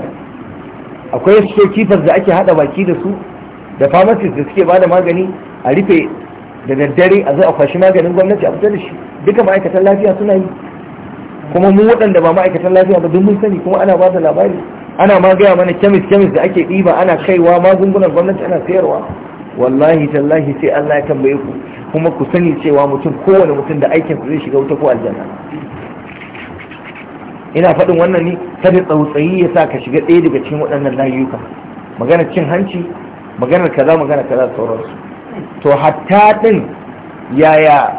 akwai stockkeepers da ake haɗa baki da su da pharmacist da suke bada magani a rufe da daddare a zai a kwashi maganin gwamnati a fitar da shi duka ma'aikatan lafiya suna yi kuma mu waɗanda ba ma'aikatan lafiya ba duk mun sani kuma ana ba da labari ana ma gaya mana kemis kemis da ake ɗiba ana kaiwa magungunan gwamnati ana sayarwa wallahi tallahi sai Allah ya tambaye ku kuma ku sani cewa mutum kowane mutum da aikin zai shiga wuta ko aljanna ina faɗin wannan ne kada tsautsayi ya sa ka shiga ɗaya daga cikin waɗannan layuka magana cin hanci maganar kaza magana kaza sauransu to hatta din yaya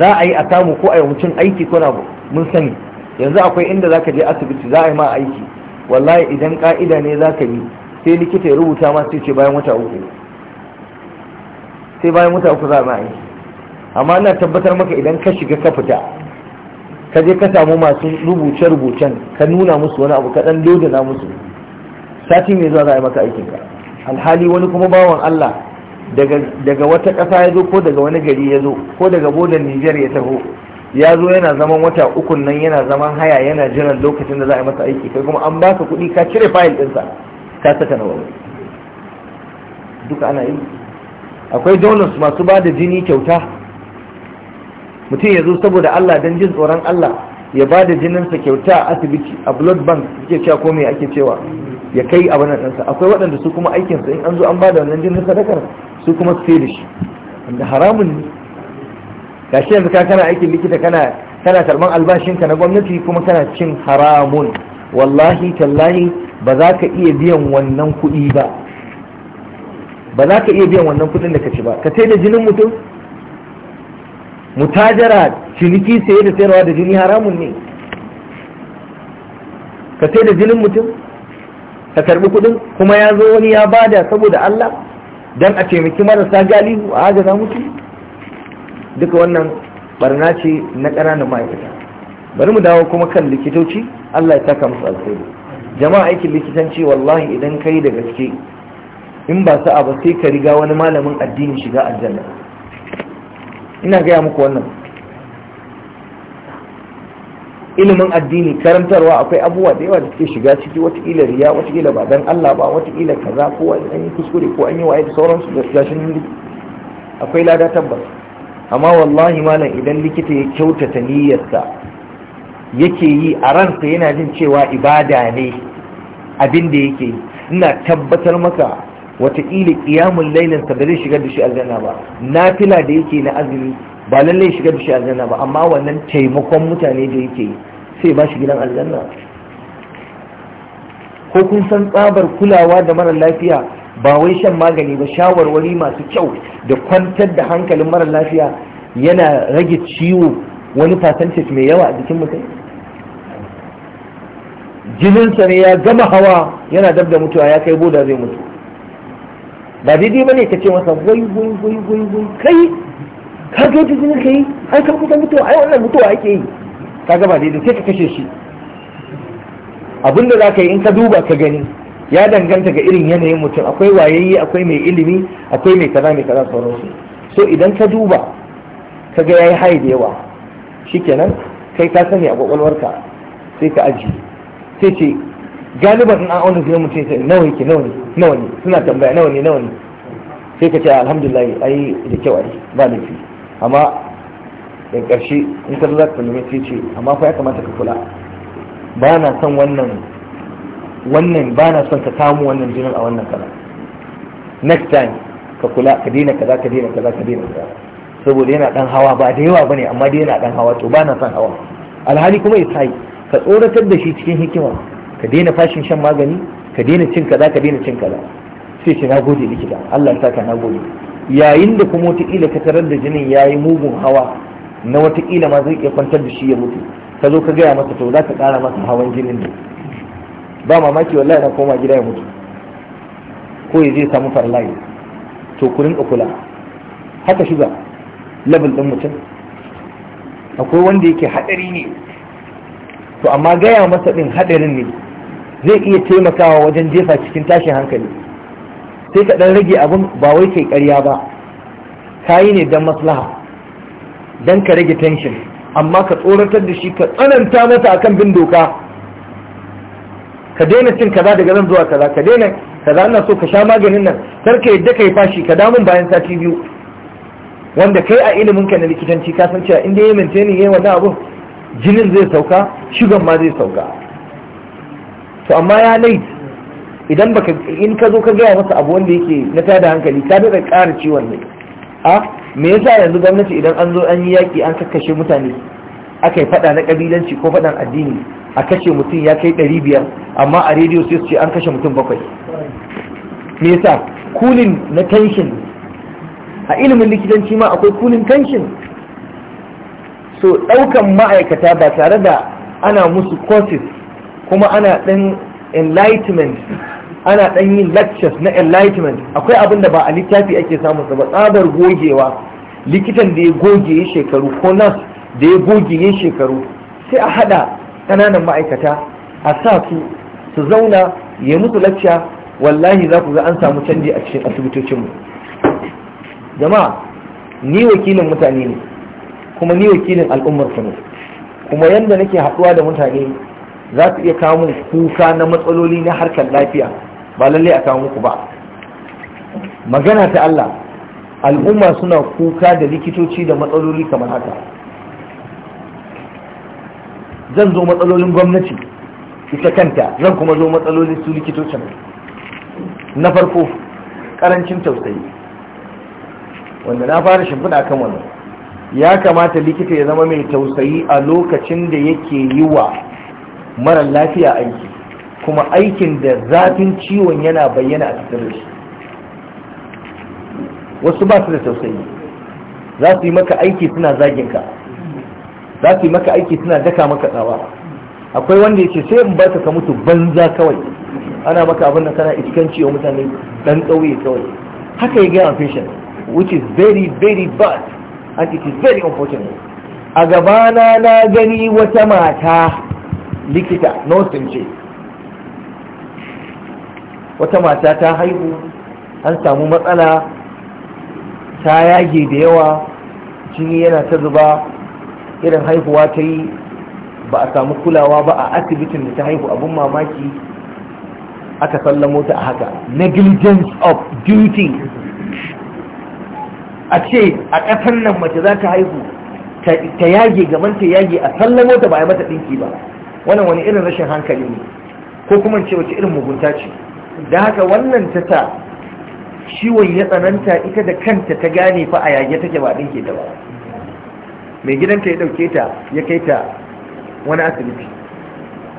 za a yi a samu ko a yi mutum aiki ko na mun sani yanzu akwai inda zaka je asibiti za a yi ma aiki wallahi idan ka'ida ne za ka yi sai likita ya rubuta ma sai ce bayan wata uku sai bayan wata uku za a ma aiki amma ina tabbatar maka idan ka shiga ka fita ka je ka samu masu rubuce-rubucen ka nuna musu wani abu ka dan na musu sati mai zuwa za a yi maka aikin ka alhali wani kuma bawan Allah daga wata ƙasa ya zo ko daga wani gari ya zo ko daga bodan Nijar ya taho ya zo yana zaman wata ukun nan yana zaman haya yana jiran lokacin da za a yi masa aiki kai kuma an baka kuɗi ka cire fayil ɗinsa ka saka na wani duka ana yi akwai donors masu ba da jini kyauta mutum ya zo saboda Allah don jin tsoron Allah ya ba da jininsa kyauta a asibiti a blood bank suke cewa ko me ake cewa ya kai abin nan ɗansa akwai waɗanda su kuma aikinsa in an zo an ba da wannan jinin sadakar su kuma su sai da shi wanda haramun ne ga shi yanzu ka kana aikin likita kana kana karɓar albashinka na gwamnati kuma kana cin haramun wallahi tallahi ba za ka iya biyan wannan kuɗi ba ba za ka iya biyan wannan kuɗin da ka ci ba ka sai da jinin mutum mutajara ciniki saye da sayarwa da jini haramun ne ka sai da jinin mutum ka karbi kudin kuma ya zo wani ya bada saboda Allah dan a taimaki marasa galihu a agaza mutu duka wannan barna ce na ƙananan ma'aikata bari mu dawo kuma kan likitoci Allah ya saka musu alheri jama'a aikin likitanci wallahi idan kai da gaske in ba sa'a ba sai ka riga wani malamin addini shiga aljanna ina gaya muku wannan ilimin addini karantarwa akwai abubuwa da yawa da suke shiga ciki wataƙila, riya wataƙila ba dan Allah ba wataƙila, kaza ko an yi kuskure ko an yi waye da sauransu da gashin akwai lada tabbas amma wallahi malam idan likita ya kyautata niyyarsa yake yi a ransa yana jin cewa ibada ne abin da yake yi ina tabbatar maka wataƙila ƙiyamun sa da zai shigar da shi aljanna ba nafila da yake na azumi ba lallai shiga da shi aljanna ba amma wannan taimakon mutane da yake sai ba shi gidan aljanna ko kun san tsabar kulawa da mara lafiya ba wai shan magani ba shawarwari masu kyau da kwantar da hankalin mara lafiya yana rage ciwo wani percentage mai yawa a jikin mutum jininsa ne ya gama hawa yana dab da mutuwa ya kai boda zai mutu ba daidai ba ne ka ce masa wai wai wai wai kai ka ga yadda jinin ka yi ai ka kusa mutuwa ai wannan mutuwa ake yi ka gaba daidai sai ka kashe shi abin da za ka yi in ka duba ka gani ya danganta ga irin yanayin mutum akwai wayayye akwai mai ilimi akwai mai kaza mai kaza sauransu so idan ka duba ka ga yayi hayi da yawa shikenan kai ka sani a kwakwalwarka sai ka aji sai ce galiban in an auna zai mutum sai nawa yake nawa ne nawa ne suna tambaya nawa ne nawa ne sai ka ce alhamdulillah ai da kyau ai ba laifi amma in ƙarshe in ka za ka nemi ce amma fa ya kamata ka kula ba na son wannan wannan ba na son ka samu wannan jinin a wannan kala next time ka kula ka daina kaza ka daina kaza ka daina kaza saboda yana dan hawa ba da yawa bane amma dai yana dan hawa to ba na son hawa alhali kuma ya sai ka tsoratar da shi cikin hikima ka daina fashin shan magani ka daina cin kaza ka daina cin kaza sai ce na gode likita Allah ya saka na gode yayin da kuma wataƙila ta tarar da jinin ya yi mugun hawa na wataƙila ma zai iya kwantar da shi ya mutu ka zo ka gaya masa to za ka ƙara masa hawan jinin ne ba mamaki wallahi na koma gida ya mutu ko ya zai samu farlayi to ku rinƙa kula haka shiga level ɗin mutum akwai wanda yake haɗari ne to amma gaya masa ɗin haɗarin ne zai iya taimakawa wajen jefa cikin tashin hankali sai ka dan rage abin ba wai kai ƙarya ba Ka yi ne don maslaha don ka rage tension amma ka tsoratar da shi ka tsananta mata akan bin doka ka daina cin kaza daga nan zuwa kaza ka daina kaza ina so ka sha maganin nan kar ka yadda kai fashi ka damun bayan sati biyu wanda kai a ilimin ka na likitanci ka san cewa inda ya maintain yayin wannan abu jinin zai sauka shugan ma zai sauka to amma ya laifi idan baka in ka zo ka gaya masa abu wanda yake na tada hankali ka daɗa ƙara ciwon ne a me yasa yanzu gwamnati idan an zo an yi yaƙi an kakkashe mutane aka yi faɗa na ƙabilanci ko faɗan addini a kashe mutum ya kai ɗari biyar amma a rediyo sai su ce an kashe mutum bakwai me yasa kulin na tension a ilimin likitanci ma akwai kulin tension so ɗaukan ma'aikata ba tare da ana musu courses kuma ana ɗan enlightenment ana ɗan yin lectures na enlightenment akwai abin da ba a littafi ake samun sa ba tsabar gogewa likitan da ya goge ya shekaru ko nas da ya goge ya shekaru sai a haɗa ƙananan ma'aikata a sa su su zauna ya musu lacca wallahi za ku ga an samu canji a cikin asibitocinmu jama'a ni wakilin mutane ne kuma ni wakilin al'ummar ne kuma yadda nake haɗuwa da mutane za su iya kawo kuka na matsaloli na harkar lafiya ba lalle a kawo muku ba magana ta Allah al'umma suna kuka da likitoci da matsaloli kamar haka zan zo matsalolin gwamnati ita kanta zan kuma zo matsalolin su likitocin na farko karancin tausayi wanda na fara shimfiɗa kan wannan ya kamata likita ya zama mai tausayi a lokacin da yake yi wa mara lafiya aiki kuma aikin da zafin ciwon yana bayyana a cikin shi wasu ba su da tausayi za su yi maka aiki suna zaginka za su yi maka aiki suna daka maka tsawa akwai wanda ya ce sai in baka ka mutu banza kawai ana maka abin da kana iskan ciwon mutane dan ƙauye kawai haka ya gaya fashion which is very very bad and it is very unfortunate a gabana na gani wata mata likita nursing ce wata mata ta haihu an samu matsala ta yage da yawa jini yana ta zuba irin haihuwa ta yi ba a samu kulawa ba a asibitin da ta haihu abin mamaki aka sallamo ta a haka negligence of duty a ce a ƙasar nan mace za ta haihu ta yage gaban ta yage a sallamo ta ba a yi mata ɗinki ba wannan wani irin rashin hankali ne ko kuma ce wace irin mugunta ce da haka wannan ta sa ciwon ya tsananta ita da kanta ta gane fa a yage take ba ɗinke ta ba mai gidanta ya ɗauke ta ya kai ta wani asibiti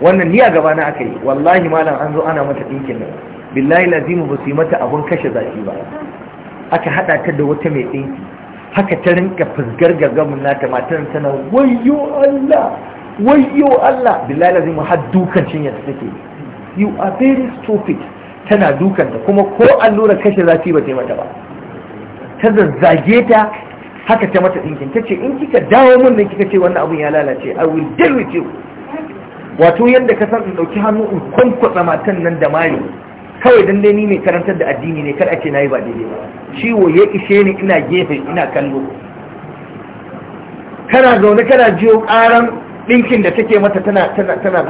wannan ni a gaba na aka yi wallahi malam an zo ana mata ɗinkin nan billahi lazimu ba su yi mata abun kashe zafi ba aka haɗa ta da wata mai ɗinki haka ta rinka fusgar gagamin nata matan tana wayyo Allah wayyo Allah billahi lazimu har dukan cinya ta take you are very stupid tana dukanta kuma ko allura kashe zafi ba ta yi mata ba ta zazzage ta haka ta mata ɗinkin ta ce in kika dawo mun da kika ce wannan abun ya lalace i will deal with you wato yadda ka san in ɗauki hannu in kwankwasa matan nan da mari kawai dan dai ni mai karantar da addini ne kar a ce nayi ba daidai ba ciwo ya ishe ni ina gefe ina kallo kana zaune kana jiyo karan ɗinkin da take mata tana tana tana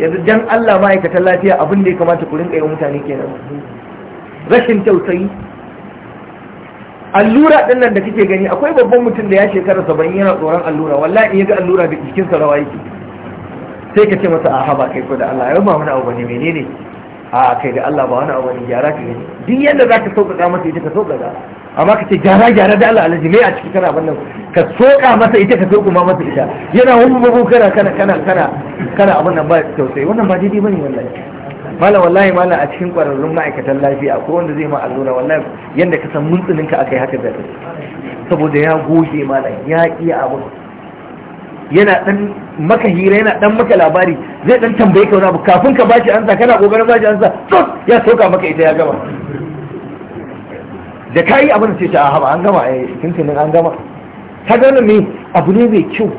yanzu dan Allah ma'aikatan lafiya abin da ya kamata ku rinka yi mutane kenan rashin tausayi allura din nan da kike gani akwai babban mutum da ya shekara saba'in yana tsoron allura wallahi ya ga allura da jikinsa rawa yake sai ka ce masa a haba kai ko da Allah ya ba wani abu ne menene a kai da Allah ba wani abu ne gyara ka gani duk yadda za ka sauƙaƙa masa ita ka sauƙaƙa amma ka ce gyara gyara da Allah alaji me a ciki kana wannan ka soka masa ita ka soka masa ita yana hububu kana kana kana kana kana abin nan ba tausayi wannan ba daidai bane wallahi mala wallahi mala a cikin kwararrun ma'aikatan lafiya ko wanda zai ma allura wallahi yanda ka san muntsunin ka akai haka zai saboda ya goge mala ya iya abu yana dan maka hira yana dan maka labari zai dan tambaye ka wani abu kafin ka bashi ansa kana kokarin bashi ansa ya soka maka ita ya gaba da ka yi abin sai ta haɓa an gama eh tuntunin an gama ta gano me abu ne mai kyau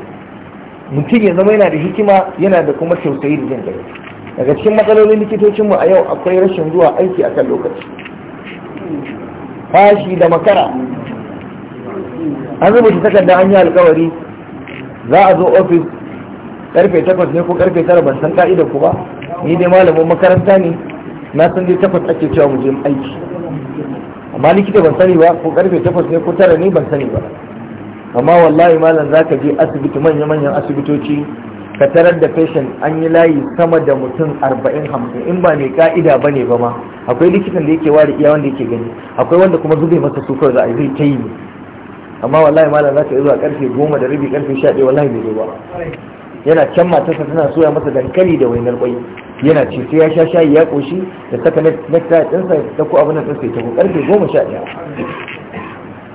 mutum ya zama yana da hikima yana da kuma tausayi da jin gari daga cikin matsalolin likitocinmu a yau akwai rashin zuwa aiki a kan lokaci fashi da makara an rubuta takarda an yi alkawari za a zo ofis karfe takwas ne ko karfe tara ban san ka'idar ku ba ni dai malamin makaranta ne na san dai takwas ake cewa mu je aiki amma likita ban sani ba ko karfe takwas ne ko tara ne ban sani ba amma wallahi malam za ka je asibiti manya-manyan asibitoci ka tarar da patient an yi layi sama da mutum arba'in hamsin in ba mai ka'ida ba ne ba ma akwai likitan da yake ware iya wanda yake gani akwai wanda kuma zube masa sukar za a zai ta yi amma wallahi malam za ka yi zuwa karfe goma da rabi karfe sha ɗaya wallahi bai zo ba yana can matarsa tana soya masa dankali da wainar kwai yana ci sai ya sha shayi ya koshi da saka nekta ɗinsa da ko abin nan sai ta ko karfe goma sha ɗaya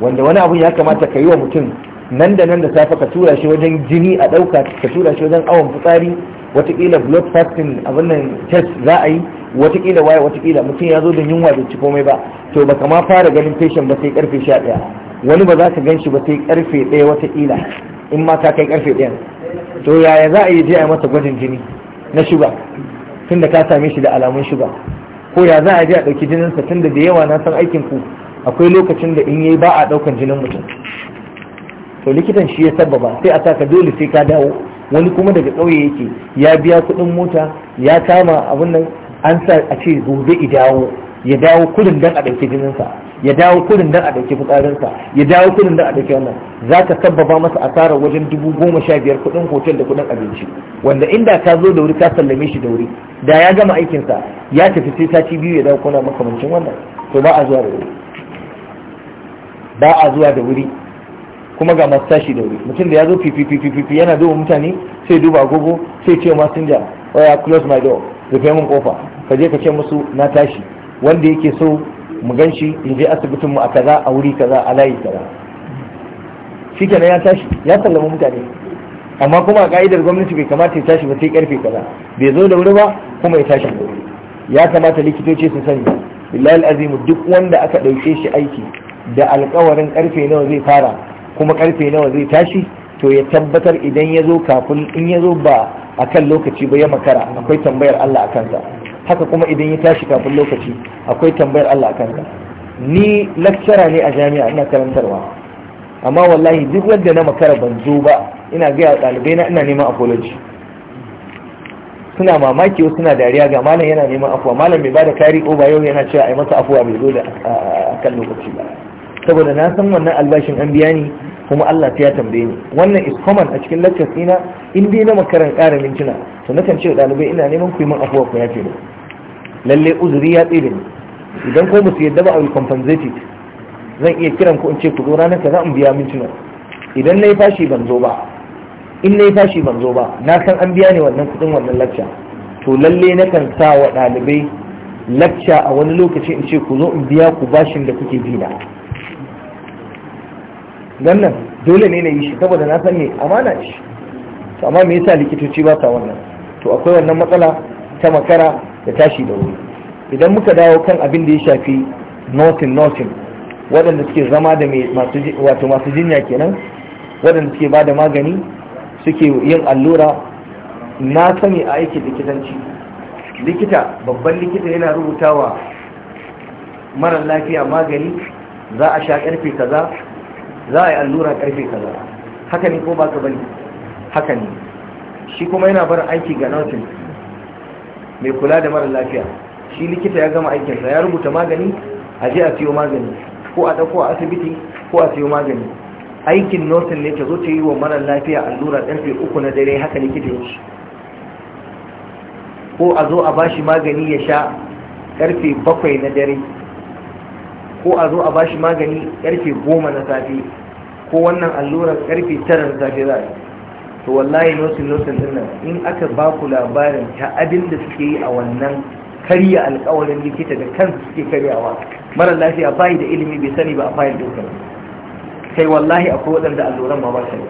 wanda wani abun ya kamata ka yi wa mutum nan da nan da safe ka tura shi wajen jini a ɗauka ka tura shi wajen awon fitsari watakila blood fasting abin nan test za a yi watakila waya watakila mutum ya zo da yunwa bai ci komai ba to baka ma fara ganin patient ba sai karfe sha ɗaya wani ba za ka gan shi ba sai karfe ɗaya watakila in ma ka kai karfe ɗaya to yaya za a yi je a masa gwajin jini na shuga tunda ka same shi da alamun shuga ko ya za a je a ɗauki jininsa tunda da yawa na san aikin ku akwai lokacin da in yayi ba a ɗaukan jinin mutum to likitan shi ya sabbaba sai a saka dole sai ka dawo wani kuma daga ƙauye yake ya biya kuɗin mota ya kama abin nan an sa a ce gobe i dawo ya dawo kudin dan a ɗauki jininsa ya dawo kurin dan a dauki fitsarinsa ya dawo kurin dan a dauki wannan za ka sabbaba masa asarar wajen dubu goma sha biyar kudin hotel da kudin abinci wanda inda ka zo da wuri ka sallame shi da wuri da ya gama aikinsa ya tafi sai sati biyu ya dawo kuna makamancin wannan to ba a zuwa da wuri ba a zuwa da wuri kuma ga masu tashi da wuri mutum da ya zo fififififi yana duba mutane sai duba agogo sai ce masinja oya close my door rufe min kofa ka je ka ce musu na tashi wanda yake so mu gan shi in je asibitinmu a kaza a wuri kaza a layi kaza shi kenan ya tashi ya sallama mutane amma kuma a ka'idar gwamnati bai kamata ya tashi ba sai karfe kaza bai zo da wuri ba kuma ya tashi da wuri ya kamata likitoci su sani billahi azimu duk wanda aka ɗauke shi aiki da alkawarin karfe nawa zai fara kuma karfe nawa zai tashi to ya tabbatar idan ya zo kafin in ya zo ba a kan lokaci ba ya makara akwai tambayar Allah a kansa haka kuma idan ya tashi kafin lokaci akwai tambayar Allah a kanka ni lakcara ne a jami'a ina karantarwa amma wallahi duk wanda na makara ban zo ba ina gaya ɗalibai na ina neman apology suna mamaki wasu suna dariya ga malam yana neman afuwa malam mai bada kari ba yau yana cewa a yi masa afuwa bai zo da kan lokaci ba saboda na san wannan albashin an biya ni kuma Allah ta ya tambaye ni wannan is common a cikin lectures ina in dai na makaran ƙara mintuna to kan ce ɗalibai ina neman ku yi min afuwa ku yafe ni lalle uzuri ya tsere ni idan ko musu yadda ba a will compensated zan iya kiran ku in ce ku zo ranar kaza in biya mintuna idan na yi fashi ban zo ba in na yi fashi ban zo ba na san an biya ne wannan kuɗin wannan lacca to lalle kan sa wa ɗalibai lacca a wani lokaci in ce ku zo in biya ku bashin da kuke bi na gannan dole ne na yi shi saboda na san me amana shi amma me yasa likitoci ba sa wannan to akwai wannan matsala ta makara da tashi da wuri idan muka dawo kan abin da ya shafi notin notin waɗanda suke zama da wato masu jinya kenan waɗanda suke ba da magani suke yin allura na sani a aikin likitanci likita babban likita yana rubutawa marar lafiya magani za a sha karfe kaza za a yi allura karfe kaza haka ne ko ba ka bane haka ne shi kuma yana barin aiki ga nautin mai kula da mara lafiya shi likita ya gama aikinsa ya rubuta magani a je a siyo magani ko a ɗauko a asibiti ko a siyo magani aikin nautin ne ta zo ta yi wa mara lafiya allura ɗarfe uku na dare haka likita ya ko a zo a bashi magani ya sha ƙarfe bakwai na dare ko a zo a bashi magani ƙarfe goma na safe ko wannan allurar ƙarfe tara na safe za a yi to wallahi nosin nosin din nan in aka ba ku labarin ta abin da suke yi a wannan karya alkawarin likita da kansu suke karyawa mara lafiya bayi da ilimi bai sani ba a fayar dokar kai wallahi akwai waɗanda alluran ma ba sani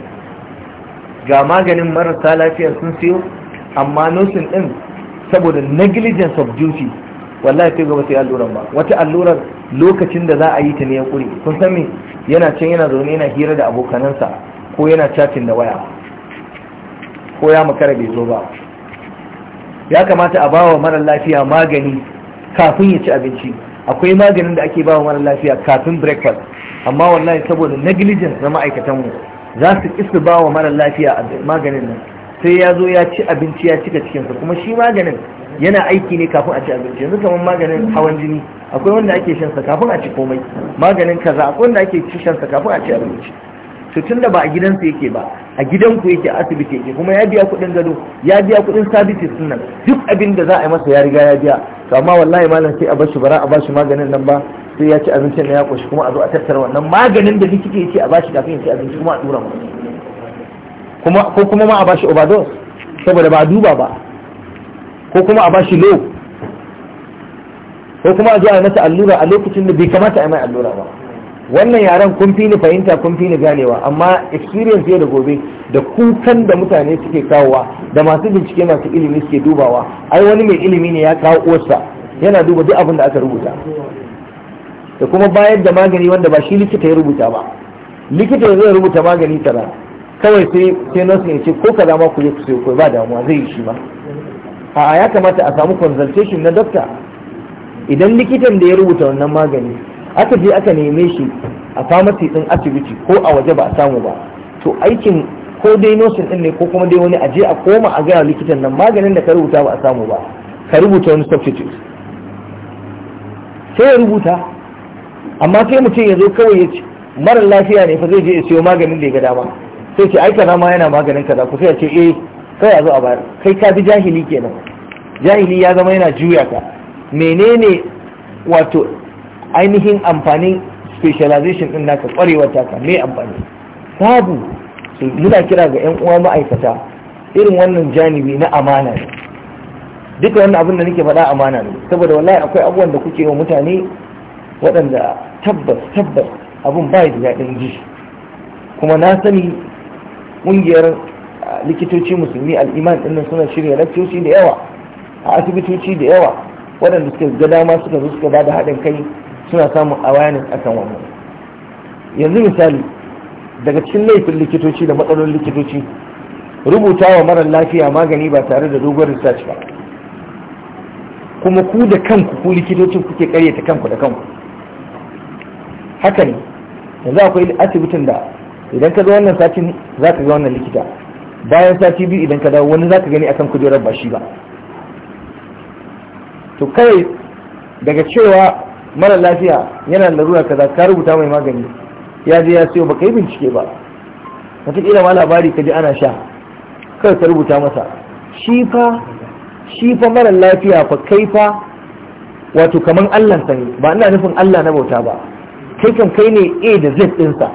ga maganin marasa lafiya sun siyo amma nosin din saboda negligence of duty wallahi sai gaba sai alluran ba wata allurar lokacin da za a yi ta ne ya kure kun san me yana can yana zaune yana hira da abokanansa ko yana chatting da waya ko ya makara bai zo ba ya kamata a bawa mara lafiya magani kafin ya ci abinci akwai maganin da ake bawa mara lafiya kafin breakfast amma wallahi saboda negligence na ma'aikatanmu za su isu bawa mara lafiya maganin nan sai ya zo ya ci abinci ya cika cikinsa kuma shi maganin yana aiki ne kafin a ci abinci yanzu kamar maganin hawan jini akwai wanda ake shansa kafin a ci komai maganin kaza akwai wanda ake shansa kafin a ci abinci to tunda ba a gidansu yake ba a gidanku yake asibiti yake kuma ya biya kuɗin gado ya biya kuɗin services nan duk abin da za a yi masa ya riga ya biya to amma wallahi malam sai a bashi bara a bashi maganin nan ba sai ya ci abincin na ya koshi kuma a zo a tattara wannan maganin da kike yake ce a bashi kafin ya ci abinci kuma a dura kuma ko kuma ma a bashi overdose saboda ba a duba ba ko kuma a bashi low ko kuma a zo a yi masa allura a lokacin da bai kamata a yi mai allura ba wannan yaren kun fi ni fahimta kun fi ni ganewa amma experience yau da gobe da kukan da mutane suke kawowa da masu bincike masu ilimi suke dubawa ai wani mai ilimi ne ya kawo uwarsa yana duba duk abin da aka rubuta da kuma bayar da magani wanda ba shi likita ya rubuta ba likita ya zai rubuta magani tara kawai sai sai nasu ne ce ko ka dama ku je ku sayo ba damuwa zai yi shi ma a ya kamata a samu consultation na dokta. idan likitan da ya rubuta wannan magani aka je aka neme shi a famasi din asibiti ko a waje ba a samu ba to aikin ko dai nosin din ne ko kuma dai wani aje a koma a gaya likitan nan maganin da ka rubuta ba a samu ba ka rubuta wani substitute sai ya rubuta amma sai mutum ya zo kawai ya ce marar lafiya ne fa zai je ya siyo maganin da ya ga dama sai ce ai kaza ma yana maganin kaza ku sai ya ce eh kai a zo a bayar kai ka bi jahili kenan jahili ya zama yana juya ka menene wato ainihin amfanin specialization din naka kwarewar taka mai amfani babu muna kira ga yan uwa ma'aikata irin wannan janibi na amana ne duka wannan abin da nake faɗa amana ne saboda wallahi akwai abubuwan da kuke wa mutane waɗanda tabbas tabbas abin ba da daɗin ji kuma na sani ƙungiyar ah, likitoci musulmi al'iman ɗin suna shirya lakcoci da yawa a asibitoci da yawa waɗanda suka ga dama suka zo suka ba da haɗin kai suna samun awanin akan wannan yanzu misali daga cikin laifin likitoci da matsalolin likitoci rubuta wa marar lafiya magani ba tare da dogon research ba kuma ku da kanku ku likitocin kuke karyata kanku da kanku haka ne yanzu akwai asibitin da idan ka zo wannan satin za ka ga wannan likita bayan sati biyu idan ka dawo wani za ka gani akan kujerar ba shi ba to kai daga cewa mara lafiya yana da ruwa kaza ka rubuta mai magani ya je ya siyo baka yi bincike ba wataƙila ma labari ka ji ana sha kar ka rubuta masa Shifa shifa mara lafiya fa kai fa wato kaman Allah sani ba ina nufin Allah na bauta ba kai kan kai ne A da Z ɗinsa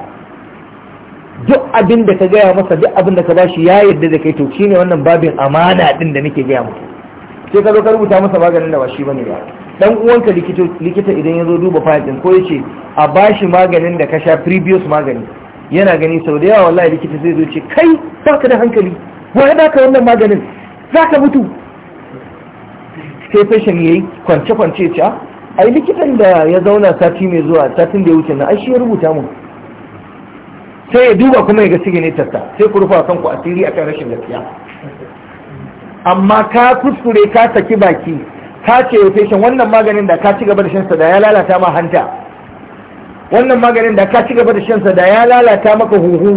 duk abin da ka gaya masa duk abin da ka bashi ya yarda da kai to shine wannan babin amana din da nake gaya muku sai ka zo ka rubuta masa maganin da ba shi bane ba dan uwanka likita idan ya zo duba fayil ko ya a bashi maganin da ka sha previous magani yana gani sau da yawa wallahi likita zai zo ce kai baka da hankali ya baka wannan maganin za ka mutu sai fashin yayi kwance kwance ce ah, ai likitan da ya zauna sati mai zuwa satin da ya wuce na ai shi ya rubuta mu sai ya duba kuma ya ga siginetarsa sai ku rufa kanku asiri akan rashin gaskiya amma ka kuskure ka saki baki ka ce ya feshin wannan maganin da ka ci gaba da shansa da ya lalata ma hanta wannan maganin da ka ci gaba da shansa da ya lalata maka huhu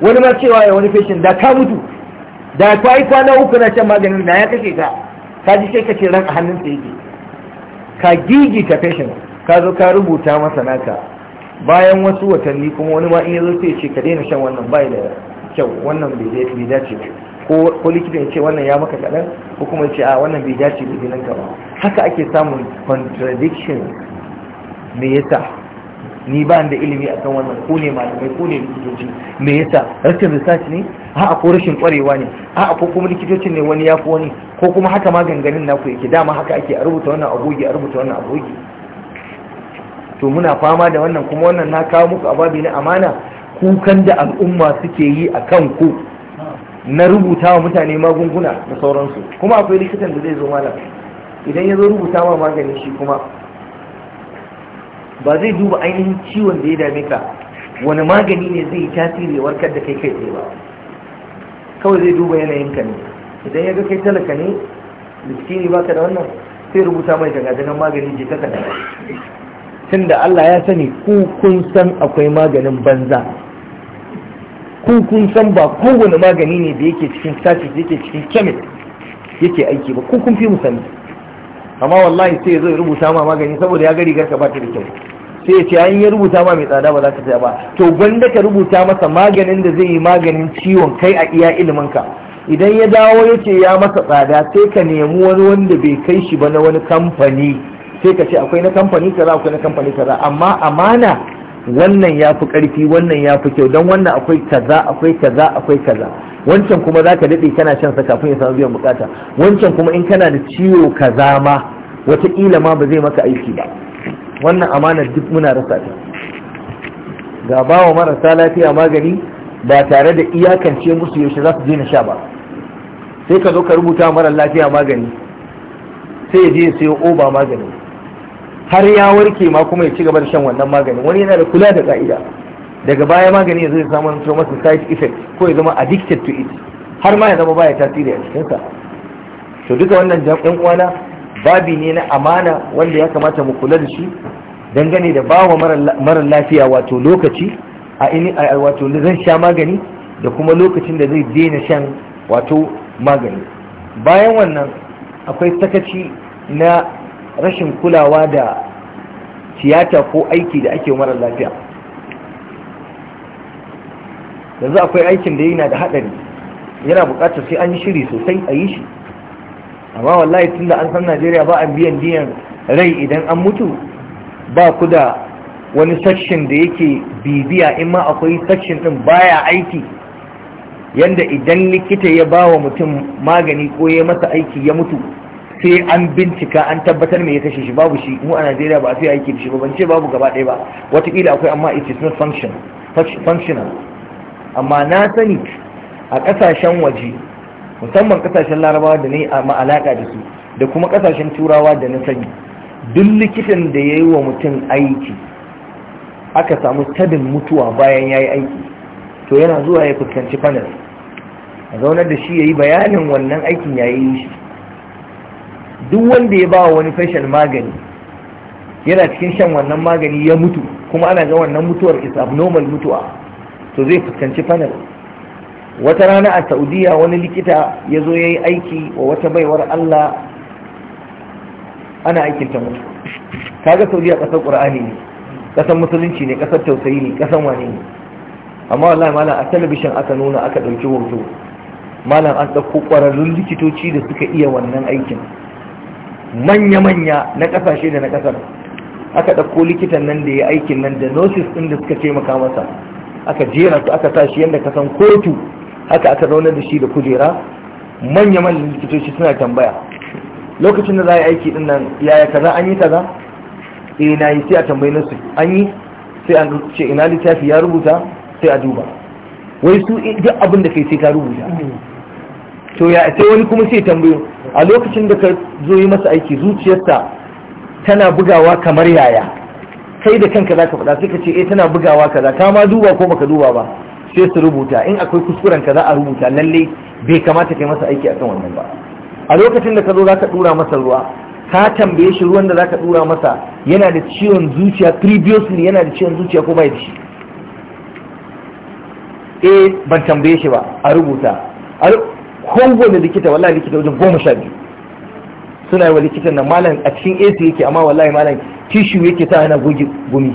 wani ma cewa ya wani feshin da ka mutu da ka yi kwana uku na shan maganin da ya kashe ka ka ji sai ka ce ran a hannun hannunsa yake ka gigita feshin ka zo ka rubuta masa naka bayan wasu watanni kuma wani ma in ya zo sai ce ka daina shan wannan bai da kyau wannan bai dace ba ko likita ya ce wannan ya maka kaɗan ko kuma ce a wannan bai dace da ginin gaba. haka ake samun contradiction me yasa ni ba da ilimi akan wannan ko ne malamai ko ne likitoci me yasa rashin research ne a'a ko rashin kwarewa ne a'a ko kuma likitocin ne wani ya fi wani ko kuma haka maganganun naku yake dama haka ake a rubuta wannan agogi a rubuta wannan agogi to muna fama da wannan kuma wannan na kawo muku ababi na amana kukan da al'umma suke yi a kan ku na rubuta wa mutane magunguna da sauransu kuma akwai likitan da zai zo malam idan ya zo rubuta wa magani shi kuma ba zai duba ainihin ciwon da ya dame ka wani magani ne zai yi tasiri warkar da kai kai tsaye ba kawai zai duba yanayin ka ne idan ya ga kai talaka ne liski ne baka da wannan sai rubuta mai dangadanan magani je ta kada tunda Allah ya sani ku kun san akwai maganin banza kun kun san ba kowane magani ne da yake cikin da yake cikin kemis yake aiki ba Kun kun fi mu sani amma wallahi sai ya zo ya rubuta ma magani saboda ya ga rigar ka ba ta da kyau sai ya ce an ya rubuta ma mai tsada ba za ka saya ba to gwanda ka rubuta masa maganin da zai yi maganin ciwon kai a iya ilimin ka idan ya dawo ya ce ya masa tsada sai ka nemi wani wanda bai kai shi ba na wani kamfani sai ka ce akwai na kamfani kaza akwai na kamfani kaza amma amana wannan ya fi ƙarfi wannan ya fi kyau don wannan akwai kaza akwai kaza akwai kaza wancan kuma za ka daɗe kana shan sa kafin ya samu biyan bukata wancan kuma in kana da ciwo kaza ma wataƙila ma ba zai maka aiki ba wannan amana duk muna rasa ta ga bawa marasa lafiya magani ba tare da iyakance musu yaushe za su je na sha ba sai ka zo ka rubuta mara lafiya magani sai ya je ya oba magani har ya warke ma kuma ya ci gaba da shan wannan magani wani yana da kula da ka'ida daga baya magani ya zai samu so masa side effect ko ya zama addicted to it har ma ya zama baya tasiri a cikinsa to duka wannan jam'in uwana babi ne na amana wanda ya kamata mu kula da shi dangane da ba wa mara lafiya wato lokaci a ini a wato zan sha magani da kuma lokacin da zai daina shan wato magani bayan wannan akwai sakaci na rashin kulawa da tiyata ko aiki da ake mara lafiya yanzu akwai aikin da yana da haɗari yana buƙatar sai an yi shiri sosai a yi shi amma wallahi tun da an san najeriya ba a biyan diyan rai idan an mutu ba ku da wani sashen da yake bibiya in ma akwai sashen ɗin baya aiki yanda idan likita ya ba wa mutum magani ko ya masa aiki ya mutu sai an bincika an tabbatar mai ya kashe shi babu shi mu a Najeriya ba a sai aiki da shi ba ce babu gaba ɗaya ba wataƙila akwai amma it is not functional amma na sani a ƙasashen waje musamman ƙasashen larabawa da ni a ma'alaka da su da kuma ƙasashen turawa da na sani duk likitan da ya yi wa mutum aiki aka samu tadin mutuwa bayan ya yi aiki to yana zuwa ya fuskanci panel a zaunar da shi ya yi bayanin wannan aikin ya yi shi duk wanda ya ba wani fashin magani yana cikin shan wannan magani ya mutu kuma ana ga wannan mutuwar is abnormal mutuwa to zai fuskanci fanar wata rana a saudiya wani likita ya zo ya yi aiki wa wata baiwar allah ana aikin ta mutu kaga saudiya kasar ƙur'ani ne kasar musulunci ne kasar tausayi ne kasar wane ne amma wallahi malam a talabishin aka nuna aka ɗauki hoto malam an ɗauko ƙwararrun likitoci da suka iya wannan aikin manya-manya na kasashe da na kasar aka ɗauko likitan nan da ya aikin nan da nosis ɗin da suka taimaka masa aka jera su aka tashi yadda ka san kotu haka aka raunar da shi da kujera manya da likitoci suna tambaya lokacin da za a yi aiki ɗin nan yaya kaza an yi kaza eh na yi sai a tambayi nurses an yi sai an ce ina littafi ya rubuta sai a duba wai su duk abin da kai sai ka rubuta mm-hmm. to ya sai wani kuma sai tambayo a lokacin da ka zo yi masa aiki zuciyarsa tana bugawa kamar yaya kai da kanka za ka faɗa sai ka ce eh tana bugawa kaza ka ma duba ko baka duba ba sai su rubuta in akwai kuskuren ka za a rubuta lalle bai kamata kai masa aiki akan wannan ba a lokacin da ka zo za ka dura masa ruwa ka tambaye shi ruwan da za ka dura masa yana da ciwon zuciya previously yana da ciwon zuciya ko bai da shi eh ban tambaye shi ba a rubuta ne likita wallahi likita wajen goma sha biyu suna yi wa likitan nan malam a cikin ac yake amma wallahi malam tishu yake ta hana goge gumi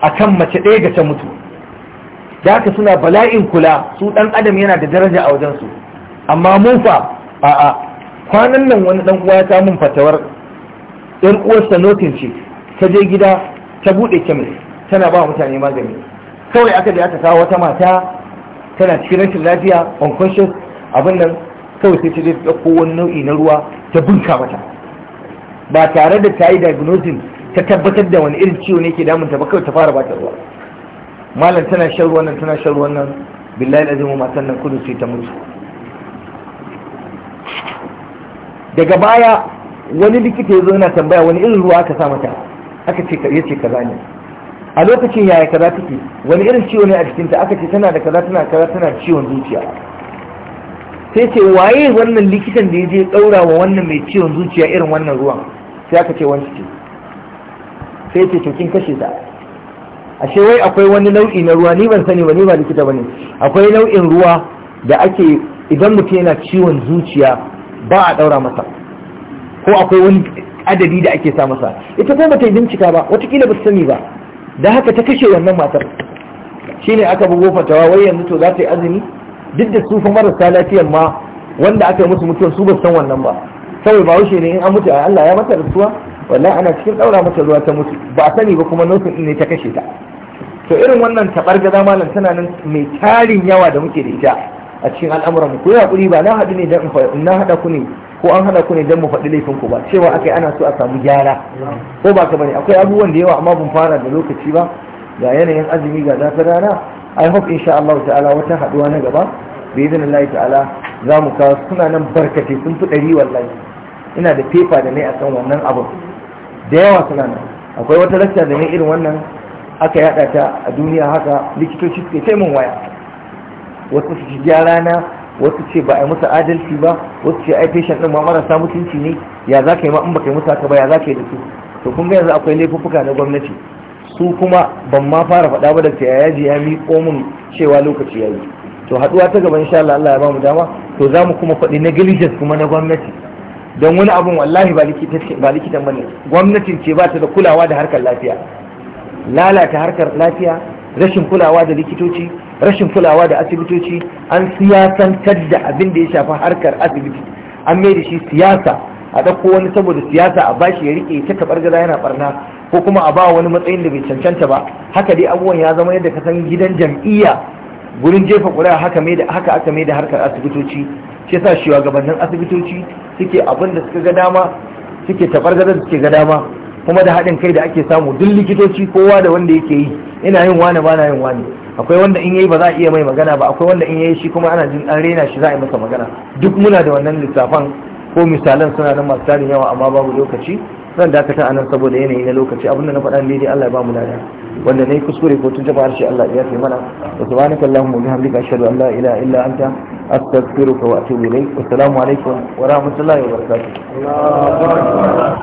a kan mace ɗaya ga ta mutu da haka suna bala'in kula su ɗan adam yana da daraja a wajensu amma mun fa a'a kwanan nan wani ɗan uwa ya ta mun fatawar ɗan uwarsa notin ce ta je gida ta buɗe kemis tana ba mutane magani kawai aka da aka kawo wata mata tana cikin rashin lafiya unconscious abin nan kawai sai ta je ta wani nau'i na ruwa ta bunka mata ba tare da ta yi diagnosis ta tabbatar da wani irin ciwo ne ke damun ta ba kawai ta fara bata ruwa malam tana shan ruwan nan tana shan ruwan nan billahi azimu matan nan kudu sai ta mutu daga baya wani likita ya zo yana tambaya wani irin ruwa aka sa mata aka ce iya ce ka ne a lokacin yaya kaza take wani irin ciwo ne a jikinta aka ce tana da kaza tana kaza tana ciwon zuciya sai ce waye wannan likitan da ya je ɗaura wa wannan mai ciwon zuciya irin wannan ruwan sai aka ce wani ce sai ce to kin kashe ta ashe wai akwai wani nau'i na ruwa ni ban sani ba ni ba likita bane akwai nau'in ruwa da ake idan mutum yana ciwon zuciya ba a ɗaura masa ko akwai wani adadi da ake sa masa ita ko bata bincika ba watakila ba sani ba da haka ta kashe wannan matar Shi ne aka bugo fatawa wai yanzu to za ta yi azumi duk da su fa marasa lafiyar ma wanda aka yi musu mutuwar su ba san wannan ba kawai ba wuce ne in an mutu Allah ya mata rasuwa wallahi ana cikin daura mata ruwa ta mutu ba a sani ba kuma nausin ne ta kashe ta to irin wannan za malam tana nan mai tarin yawa da muke da ita a cikin al'amuran ku ya kuri ba na haɗu ne dan in na haɗa ku ne ko an hana ku ne dan mu faɗi laifin ku ba cewa aka akai ana so a samu gyara ko ba ka bane akwai abubuwan da yawa amma mun fara da lokaci ba ga yanayin azumi ga zafin rana i hope insha Allah ta'ala wata haduwa na gaba bi idnillahi ta'ala za mu kawo suna nan barkate sun fi ɗari wallahi ina da fefa da ne akan wannan abu da yawa suna nan akwai wata lakta da ne irin wannan aka yada ta a duniya haka likitoci suke taimun waya wasu su gyara na wasu ce ba a yi musu adalci ba wasu ce ai feshin ɗin ma marasa mutunci ne ya za ka yi ma ba ka yi musu haka ba ya za ka yi da su to kun ga yanzu akwai laifuffuka na gwamnati su kuma ban ma fara faɗa ba da ya yaji ya mi komun cewa lokaci ya yi to haɗuwa ta gaba insha Allah Allah ya ba mu dama to za mu kuma faɗi negligence kuma na gwamnati don wani abun wallahi ba likitan ne gwamnatin ce ba ta da kulawa da harkar lafiya lalata harkar lafiya rashin kulawa da likitoci rashin kulawa da asibitoci an siyasantar da abin da ya shafi harkar asibiti an mai da shi siyasa a ɗauko wani saboda siyasa a bashi ya rike ta tabar gada yana barna ko kuma a ba wani matsayin da bai cancanta ba haka dai abubuwan ya zama yadda ka san gidan jam'iyya gurin jefa ƙuri'a haka mai da haka aka mai da harkar asibitoci shi yasa shugabannin asibitoci suke abin da suka ga dama suke tabar suke ga dama kuma da haɗin kai da ake samu duk likitoci kowa da wanda yake yi ina yin wani ba na yin wani akwai wanda in yayi ba za a iya mai magana ba akwai wanda in yayi shi kuma ana jin an rena shi za a yi masa magana duk muna da wannan lissafan ko misalan suna nan masu tarin yawa amma babu lokaci zan dakata a nan saboda yanayi na lokaci da na faɗa ne dai Allah ya ba mu lada wanda nayi kuskure ko tun jama'a shi Allah ya yafe mana wa subhanaka allahumma wa bihamdika ashhadu an la ilaha illa anta astaghfiruka wa atubu ilayk assalamu alaikum wa rahmatullahi wa barakatuh